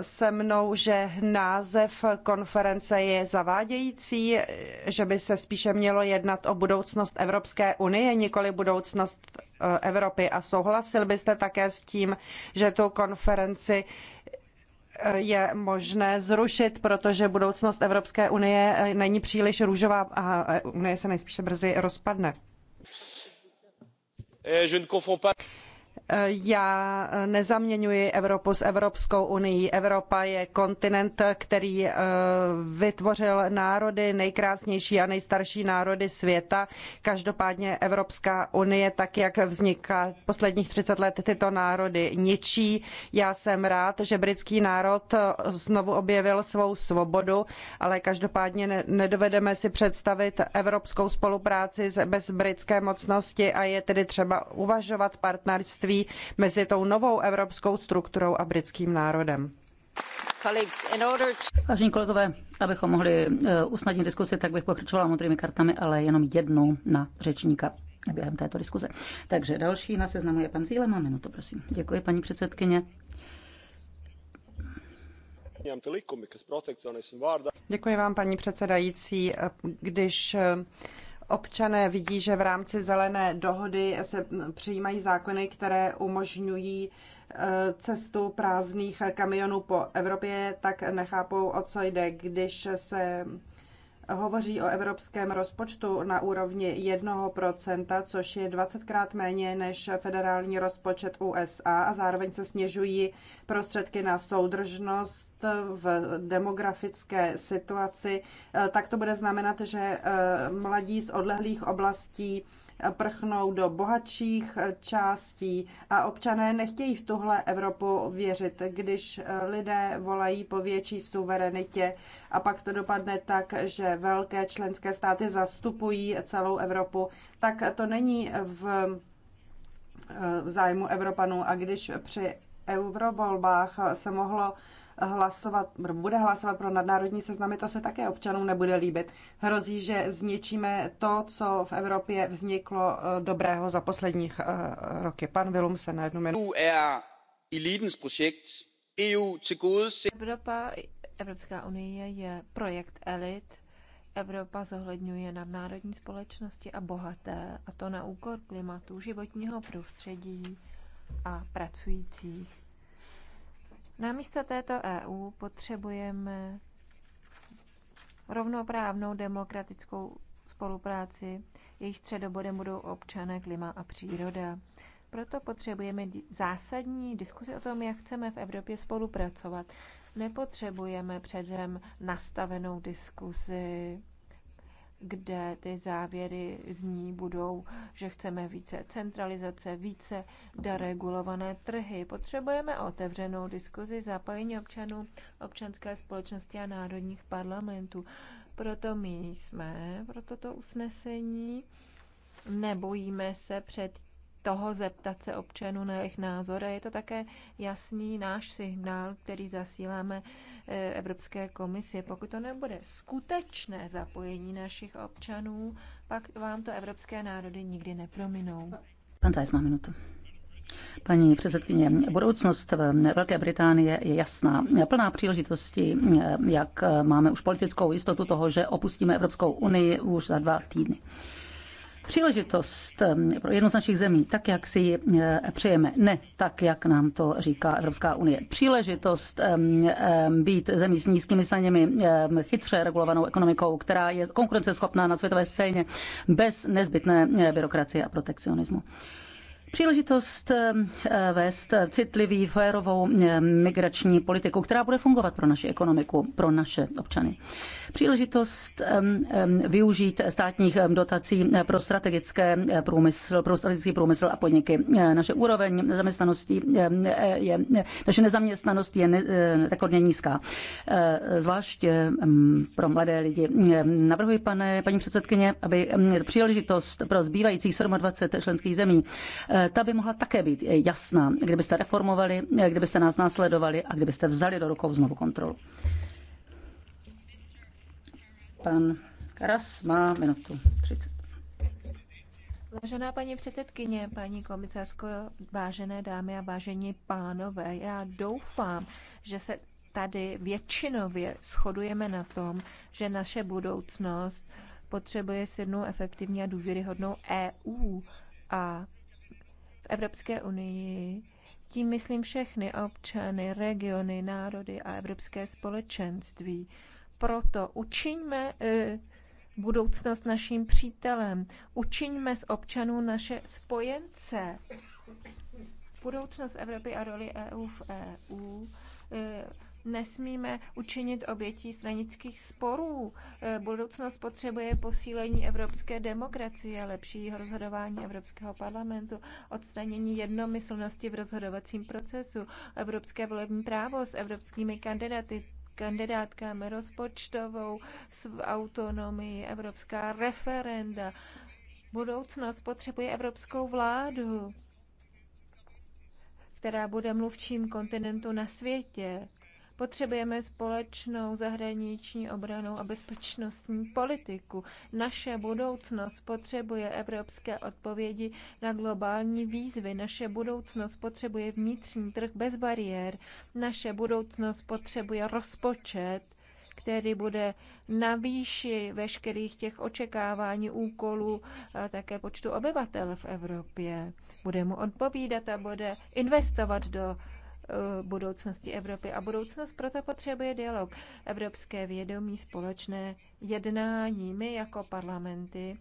se mnou, že název konference je zavádějící, že by se spíše mělo jednat o budoucnost Evropské unie, nikoli budoucnost eh, Evropy. A souhlasil byste také s tím, že tu konferenci eh, je možné zrušit, protože budoucnost Evropské unie eh, není příliš růžová a unie se nejspíše brzy rozpadne. Je ne já nezaměňuji Evropu s Evropskou unii. Evropa je kontinent, který eh, vytvořil národy, nejkrásnější a nejstarší národy světa. Každopádně Evropská unie, tak jak vzniká posledních 30 let, tyto národy ničí. Já jsem rád, že britský národ eh, znovu objevil svou svobodu, ale každopádně nedovedeme si představit evropskou spolupráci bez britské mocnosti a je tedy třeba uvažovat partnerství mezi tou novou evropskou strukturou a britským národem. Vážení kolegové, abychom mohli eh, usnadnit diskusi, tak bych pokračovala modrými kartami, ale jenom jednou na řečníka během této diskuze. Takže další na seznamu je pan Zíle. Má minutu, prosím. Děkuji, paní předsedkyně. Děkuji vám, paní předsedající. Když eh, občané vidí, že v rámci zelené dohody se přijímají zákony, které umožňují e, cestu prázdných kamionů po Evropě, tak nechápou, o co jde, když se hovoří o evropském rozpočtu na úrovni 1%, což je 20 krát méně než federální rozpočet USA a zároveň se snižují prostředky na soudržnost v demografické situaci, eh, tak to bude znamenat, že eh, mladí z odlehlých oblastí eh, prchnou do bohatších částí a občané nechtějí v tuhle Evropu věřit, když lidé volají po větší suverenitě a pak to dopadne tak, že velké členské státy zastupují celou Evropu, tak to není v v zájmu Evropanů. A když při eurovolbách se mohlo hlasovat, bude hlasovat pro nadnárodní seznamy, to se také občanům nebude líbit. Hrozí, že zničíme to, co v Evropě vzniklo eh, dobrého za posledních eh, roky. Pan Vilum se na jednu minutu. Er Evropa, Evropská unie je projekt elit, Evropa zohledňuje nadnárodní společnosti a bohaté, a to na úkor klimatu, životního prostředí a pracujících. Namísto této EU potřebujeme rovnoprávnou demokratickou spolupráci, jejíž středobodem budou občané, klima a příroda. Proto potřebujeme zásadní diskusi o tom, jak chceme v Evropě spolupracovat. Nepotřebujeme předem nastavenou diskusi kde ty závěry z ní budou, že chceme více centralizace, více deregulované trhy. Potřebujeme otevřenou diskuzi, zapojení občanů, občanské společnosti a národních parlamentů. Proto my jsme pro toto usnesení. Nebojíme se před toho zeptat se občanů na jejich názor a je to také jasný náš signál, který zasíláme E, evropské komisie. Pokud to nebude skutečné zapojení našich občanů, pak vám to evropské národy nikdy neprominou. Pan Tajs má minutu. Paní předsedkyně, budoucnost Velké Británie je jasná. Plná příležitosti, e, jak e, máme už politickou jistotu toho, že opustíme Evropskou unii už za dva týdny příležitost ehm, pro jednu z našich zemí, tak jak si ji eh, přejeme, ne tak, jak nám to říká Evropská unie. Příležitost ehm, ehm, být zemí s nízkými staněmi, chytře regulovanou ekonomikou, která je konkurenceschopná na světové scéně bez nezbytné eh, byrokracie a protekcionismu. Příležitost eh, vést citlivý, férovou migrační politiku, která bude fungovat pro naši ekonomiku, pro naše občany příležitost využít státních dotací eh, pro strategické eh, průmysl, pro strategický průmysl a podniky. Eh, naše úroveň zaměstnanosti je, naše nezaměstnanost je rekordně nízká, zvlášť pro mladé lidi. Navrhuji, pane, paní předsedkyně, aby příležitost pro zbývajících 27 členských zemí, ta by mohla také být jasná, kdybyste reformovali, kdybyste nás následovali a kdybyste vzali do rukou znovu kontrolu. Pan Karas má minutu 30. Vážená paní předsedkyně, paní komisařko, vážené dámy a vážení pánové, já doufám, že se tady většinově shodujeme na tom, že naše budoucnost potřebuje silnou, efektivní a důvěryhodnou EU a v Evropské unii tím myslím všechny občany, regiony, národy a evropské společenství. Proto učiňme e, budoucnost naším přítelem. Učiňme z občanů naše spojence. Budoucnost Evropy a roli EU v EU e, nesmíme učinit obětí stranických sporů. E, budoucnost potřebuje posílení evropské demokracie, lepší rozhodování Evropského parlamentu, odstranění jednomyslnosti v rozhodovacím procesu, evropské volební právo s evropskými kandidaty, kandidátkami, rozpočtovou autonomii, evropská referenda. Budoucnost potřebuje evropskou vládu, která bude mluvčím kontinentu na světě. Potřebujeme společnou zahraniční obranou a bezpečnostní politiku. Naše budoucnost potřebuje evropské odpovědi na globální výzvy. Naše budoucnost potřebuje vnitřní trh bez bariér. Naše budoucnost potřebuje rozpočet který bude na výši veškerých těch očekávání, úkolů, také počtu obyvatel v Evropě. Bude mu odpovídat a bude investovat do Eh, budoucnosti Evropy. A budoucnost proto potřebuje dialog. Evropské vědomí, společné jednání. My jako parlamenty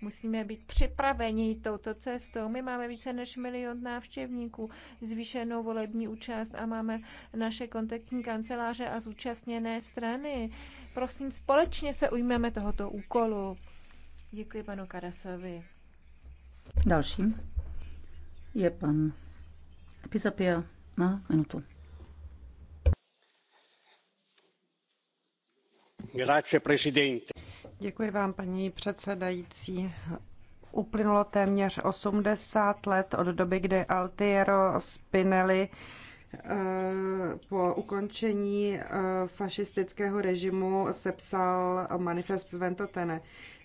musíme být připraveni touto cestou. My máme více než milion návštěvníků, zvýšenou volební účast a máme naše kontaktní kanceláře a zúčastněné strany. Prosím, společně se ujmeme tohoto úkolu. Děkuji panu Karasovi. Dalším je pan Pisapia má minutu. Děkuji vám, paní předsedající. Uplynulo téměř 80 let od doby, kdy Altiero Spinelli Eh, po ukončení eh, fašistického režimu sepsal manifest z Ventotene.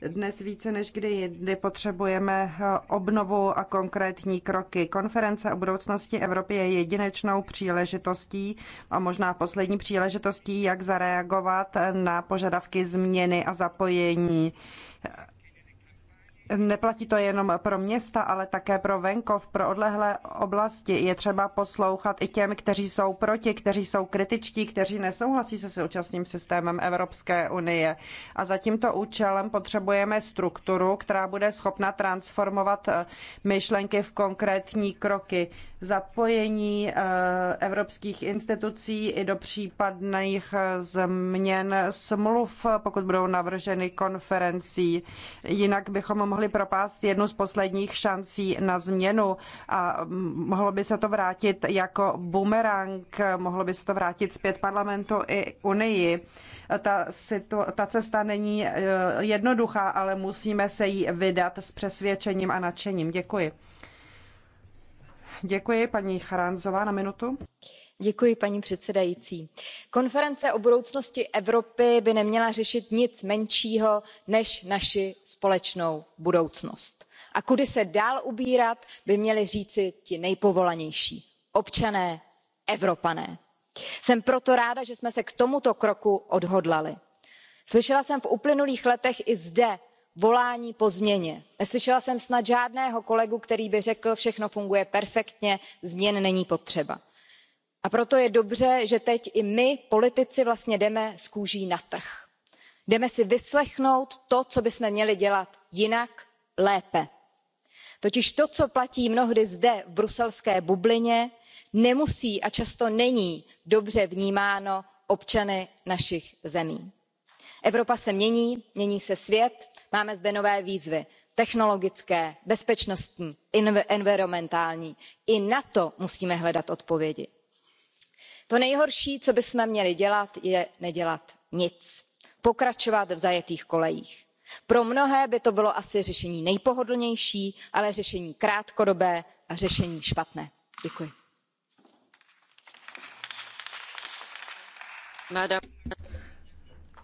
Dnes více než kdy jindy potřebujeme eh, obnovu a konkrétní kroky. Konference o budoucnosti Evropy je jedinečnou příležitostí a možná poslední příležitostí, jak zareagovat na požadavky změny a zapojení Neplatí to jenom pro města, ale také pro venkov, pro odlehlé oblasti. Je třeba poslouchat i těm, kteří jsou proti, kteří jsou kritičtí, kteří nesouhlasí se současným systémem Evropské unie. A za tímto účelem potřebujeme strukturu, která bude schopna transformovat eh, myšlenky v konkrétní kroky zapojení eh, evropských institucí i do případných eh, změn smluv, pokud budou navrženy konferencí. Jinak bychom mohli propást jednu z posledních šancí na změnu a mm, mohlo by se to vrátit jako bumerang, mohlo by se to vrátit zpět parlamentu i Unii. Ta, situ, ta cesta není eh, jednoduchá, ale musíme se jí vydat s přesvědčením a nadšením. Děkuji. Děkuji, paní Charanzová, na minutu. Děkuji, paní předsedající konference o budoucnosti evropy by neměla řešit nic menšího než naši společnou budoucnost a kudy se dál ubírat by měli říci ti nejpovolanější občané evropané. jsem proto ráda že jsme se k tomuto kroku odhodlali. slyšela jsem v uplynulých letech i zde volání po změně. neslyšela jsem snad žádného kolegu který by řekl všechno funguje perfektně změn není potřeba. a proto je dobře že teď i my politici vlastně jdeme s kůží na trh. jdeme si vyslechnout to co bychom měli dělat jinak lépe. totiž to co platí mnohdy zde v bruselské bublině nemusí a často není dobře vnímáno občany našich zemí evropa se mění mění se svět máme zde nové výzvy technologické bezpečnostní environmentální i na to musíme hledat odpovědi. to nejhorší co bychom měli dělat je nedělat nic pokračovat v zajetých kolejích. pro mnohé by to bylo asi řešení nejpohodlnější ale řešení krátkodobé a řešení špatné. děkuji.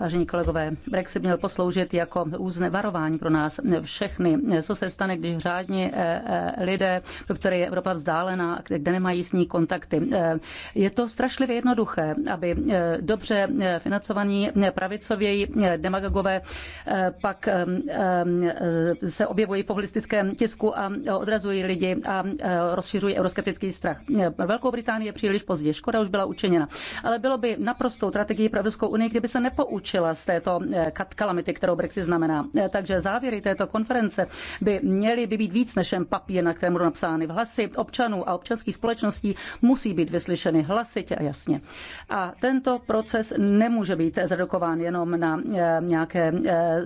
Vážení kolegové, Brexit měl posloužit jako různé varování pro nás všechny. Co se stane, když řádní eh, eh, lidé, pro které je Evropa vzdálená, kde nemají s ní kontakty. Eh, je to strašlivě jednoduché, aby dobře financovaní pravicověji demagogové pak se objevují v populistickém tisku a odrazují lidi a rozšiřují euroskeptický strach. Velkou Británii je příliš pozdě, škoda už byla učiněna. Ale bylo by naprostou strategií pro Evropskou unii, kdyby se nepoučili poučil z této eh, kalamity, kterou Brexit znamená. Eh, takže závěry této konference by měly by být víc než papír, na kterém budou napsány hlasy občanů a občanských společností, musí být vyslyšeny hlasitě a jasně. A tento proces nemůže být zredukován jenom na eh, nějaké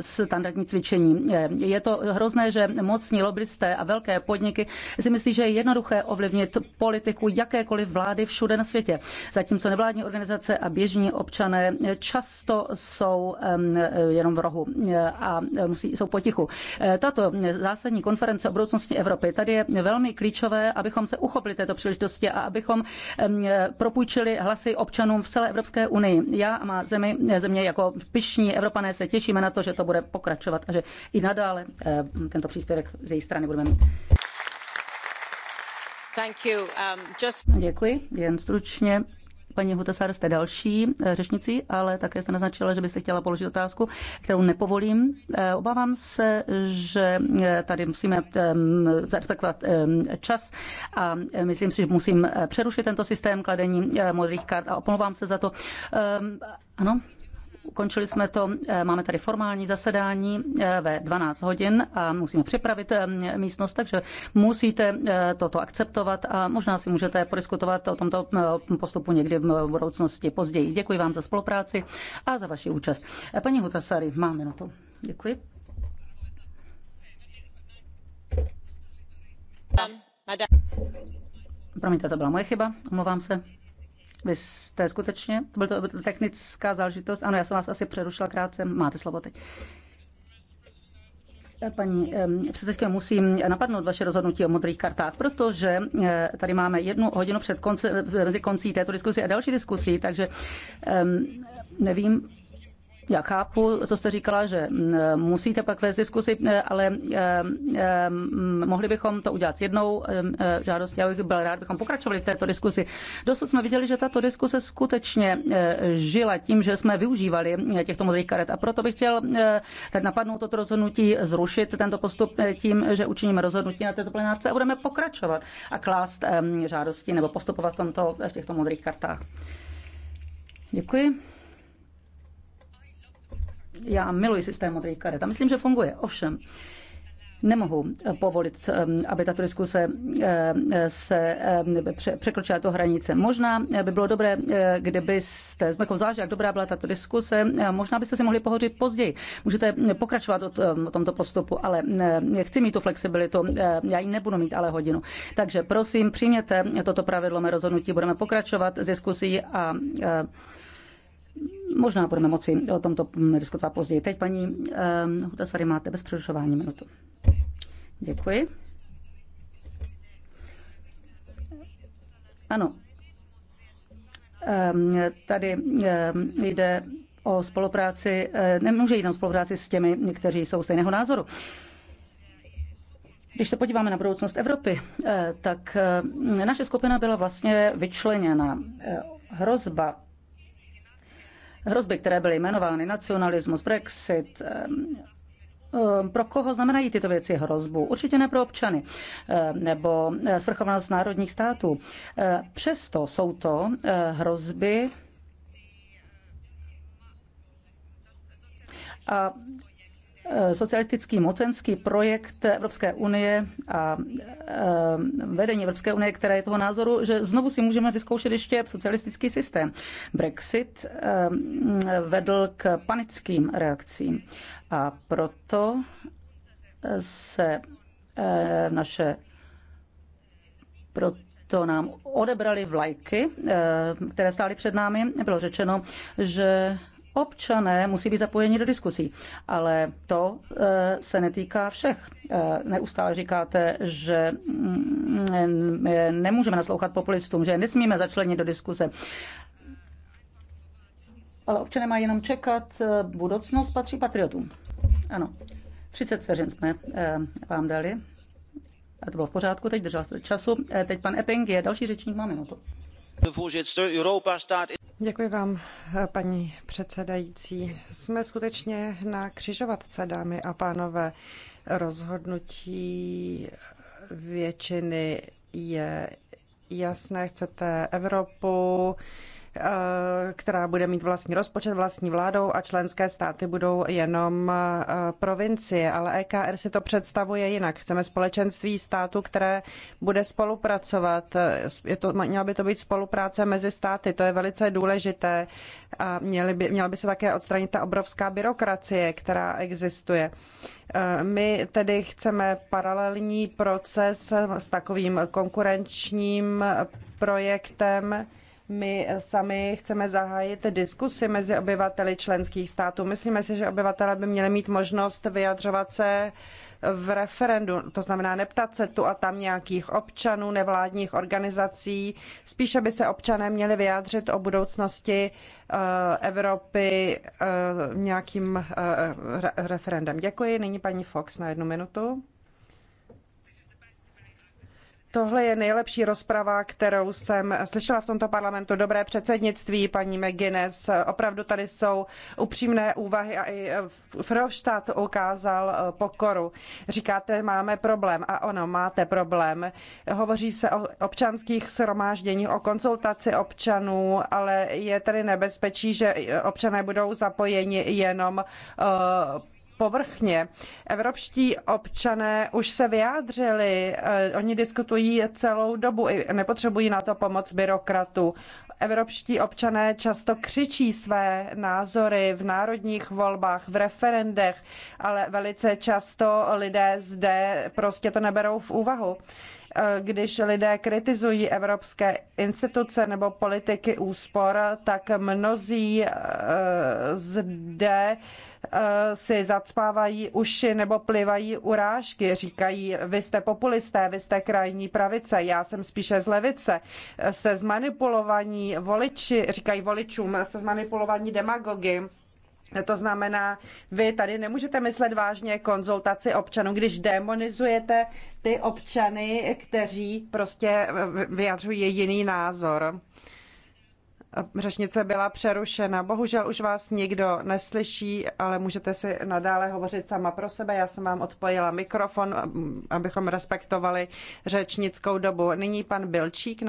standardní cvičení. Je to hrozné, že mocní lobbysté a velké podniky si myslí, že je jednoduché ovlivnit politiku jakékoliv vlády všude na světě. Zatímco nevládní organizace a běžní občané často jsou eh, jenom v rohu eh, a eh, musí, jsou potichu. Tato zásadní konference o budoucnosti Evropy, tady je velmi klíčové, abychom se uchopili této příležitosti a abychom propůjčili hlasy občanům v celé Evropské unii. Já a má zemi, země jako pišní Evropané se těšíme na to, že to bude pokračovat a že i nadále tento příspěvek z její strany budeme mít. Thank you. Um, just... Děkuji, jen stručně. Paní Hutasar, jste další eh, řečnici, ale také jste naznačila, že byste chtěla položit otázku, kterou nepovolím. Eh, obávám se, že eh, tady musíme ehm, zarespektovat ehm, čas a myslím si, že musím přerušit tento systém kladení modrých kart a omlouvám se za to. Ehm, ano? Ukončili jsme to, eh, máme tady formální zasedání eh, ve 12 hodin a musíme připravit eh, místnost, takže musíte toto akceptovat a možná si můžete podiskutovat o tomto postupu někdy v budoucnosti později. Děkuji vám za spolupráci a za vaši účast. Paní Hutasary, má minutu. Děkuji. Promiňte, to byla moje chyba, omlouvám se. Vy jste skutečně, to byla to technická záležitost, ano, já jsem vás asi přerušila krátce, máte slovo teď. Paní předsedkyně, musím napadnout vaše rozhodnutí o modrých kartách, protože eh, tady máme jednu hodinu před konce, mezi koncí této diskusy a další diskusí, takže nevím, já chápu, co jste říkala, že musíte pak vést diskusi, ale mohli bychom to udělat jednou e, žádostí. Já bych byl rád, bychom pokračovali v této diskusi. Dosud jsme viděli, že tato diskuse skutečně e, žila tím, že jsme využívali e, těchto modrých karet. A proto bych chtěl tak napadnout toto rozhodnutí, zrušit tento postup tím, že učiníme rozhodnutí na této plenárce a budeme pokračovat a klást žádosti nebo postupovat v, tomto, v těchto modrých kartách. Děkuji já miluji systém modrých karet a myslím, že funguje. Ovšem, nemohu eh, povolit, eh, aby tato diskuse eh, se překročila to hranice. Možná by bylo dobré, kdybyste, jsme jako zvlášť, jak dobrá byla tato diskuse, možná byste si mohli pohořit později. Můžete pokračovat o tomto postupu, ale chci mít tu flexibilitu, já ji nebudu mít ale hodinu. Takže prosím, přijměte toto pravidlo mé rozhodnutí, budeme pokračovat s diskusí a Možná budeme moci o tomto diskutovat později. Teď, paní ehm, Hutasary, máte bez přerušování minutu. Děkuji. Ano. Ehm, tady ehm, jde o spolupráci, eh, nemůže jít o spolupráci s těmi, kteří jsou stejného názoru. Když se podíváme na budoucnost Evropy, eh, tak eh, naše skupina byla vlastně vyčleněna. Hrozba Hrozby, které byly jmenovány, nacionalismus, Brexit, pro koho znamenají tyto věci hrozbu? Určitě ne pro občany nebo e, svrchovanost národních států. E, přesto jsou to e, hrozby a Eh, socialistický mocenský projekt Evropské unie a eh, vedení Evropské unie, které je toho názoru, že znovu si můžeme vyzkoušet ještě socialistický systém. Brexit eh, vedl k panickým reakcím a proto se naše proto to nám odebrali vlajky, které stály před námi. Bylo řečeno, že občané musí být zapojeni do diskusí, ale to eh, se netýká všech. Eh, neustále říkáte, že mm, eh, nemůžeme naslouchat populistům, že nesmíme začlenit do diskuse. Ale občané mají jenom čekat. Budoucnost patří patriotům. Ano. 30 vteřin jsme vám dali. A to bylo v pořádku, teď držel času. Teď pan Epping je další řečník, máme na to vám, paní předsedající. Jsme skutečně na křižovatce, dámy a pánové. Rozhodnutí většiny je jasné. Chcete Evropu, Eh, která bude mít vlastní rozpočet, vlastní vládou a členské státy budou jenom eh, provincie. Ale EKR si to představuje jinak. Chceme společenství států, které bude spolupracovat. Je to, měla by to být spolupráce mezi státy, to je velice důležité. A měly by, měla by se také odstranit ta obrovská byrokracie, která existuje. Eh, my tedy chceme paralelní proces s takovým konkurenčním projektem, my sami chceme zahájit diskusy mezi obyvateli členských států. Myslíme si, že obyvatele by měli mít možnost vyjadřovat se v referendu, to znamená neptat se tu a tam nějakých občanů, nevládních organizací. Spíše by se občané měli vyjádřit o budoucnosti eh, Evropy eh, nějakým eh, referendem. Děkuji. Nyní paní Fox na jednu minutu. Tohle je nejlepší rozprava, kterou jsem slyšela v tomto parlamentu. Dobré předsednictví, paní McGuinness. Opravdu tady jsou upřímné úvahy a i Frovštát ukázal eh, pokoru. Říkáte, máme problém a ono, máte problém. Hovoří se o občanských shromážděních, o konzultaci občanů, ale je tady nebezpečí, že občané budou zapojeni jenom uh, povrchně. Evropští občané už se vyjádřili, eh, oni diskutují celou dobu, nepotřebují na to pomoc byrokratů. Evropští občané často křičí své názory v národních volbách, v referendech, ale velice často lidé zde prostě to neberou v úvahu eh, když lidé kritizují evropské instituce nebo politiky úspor, tak mnozí eh, zde Eh, si zacpávají uši nebo plivají urážky. Říkají, vy jste populisté, vy jste krajní pravice, já jsem spíše z levice. Jste zmanipulovaní voliči, říkají voličům, jste zmanipulovaní demagogy. To znamená, vy tady nemůžete myslet vážně konzultaci občanů, když demonizujete ty občany, kteří prostě vyjadřují jiný názor. Řečnice byla přerušena. Bohužel už vás nikdo neslyší, ale můžete si nadále hovořit sama pro sebe. Já jsem vám odpojila mikrofon, abychom respektovali řečnickou dobu. Nyní pan Bilčík.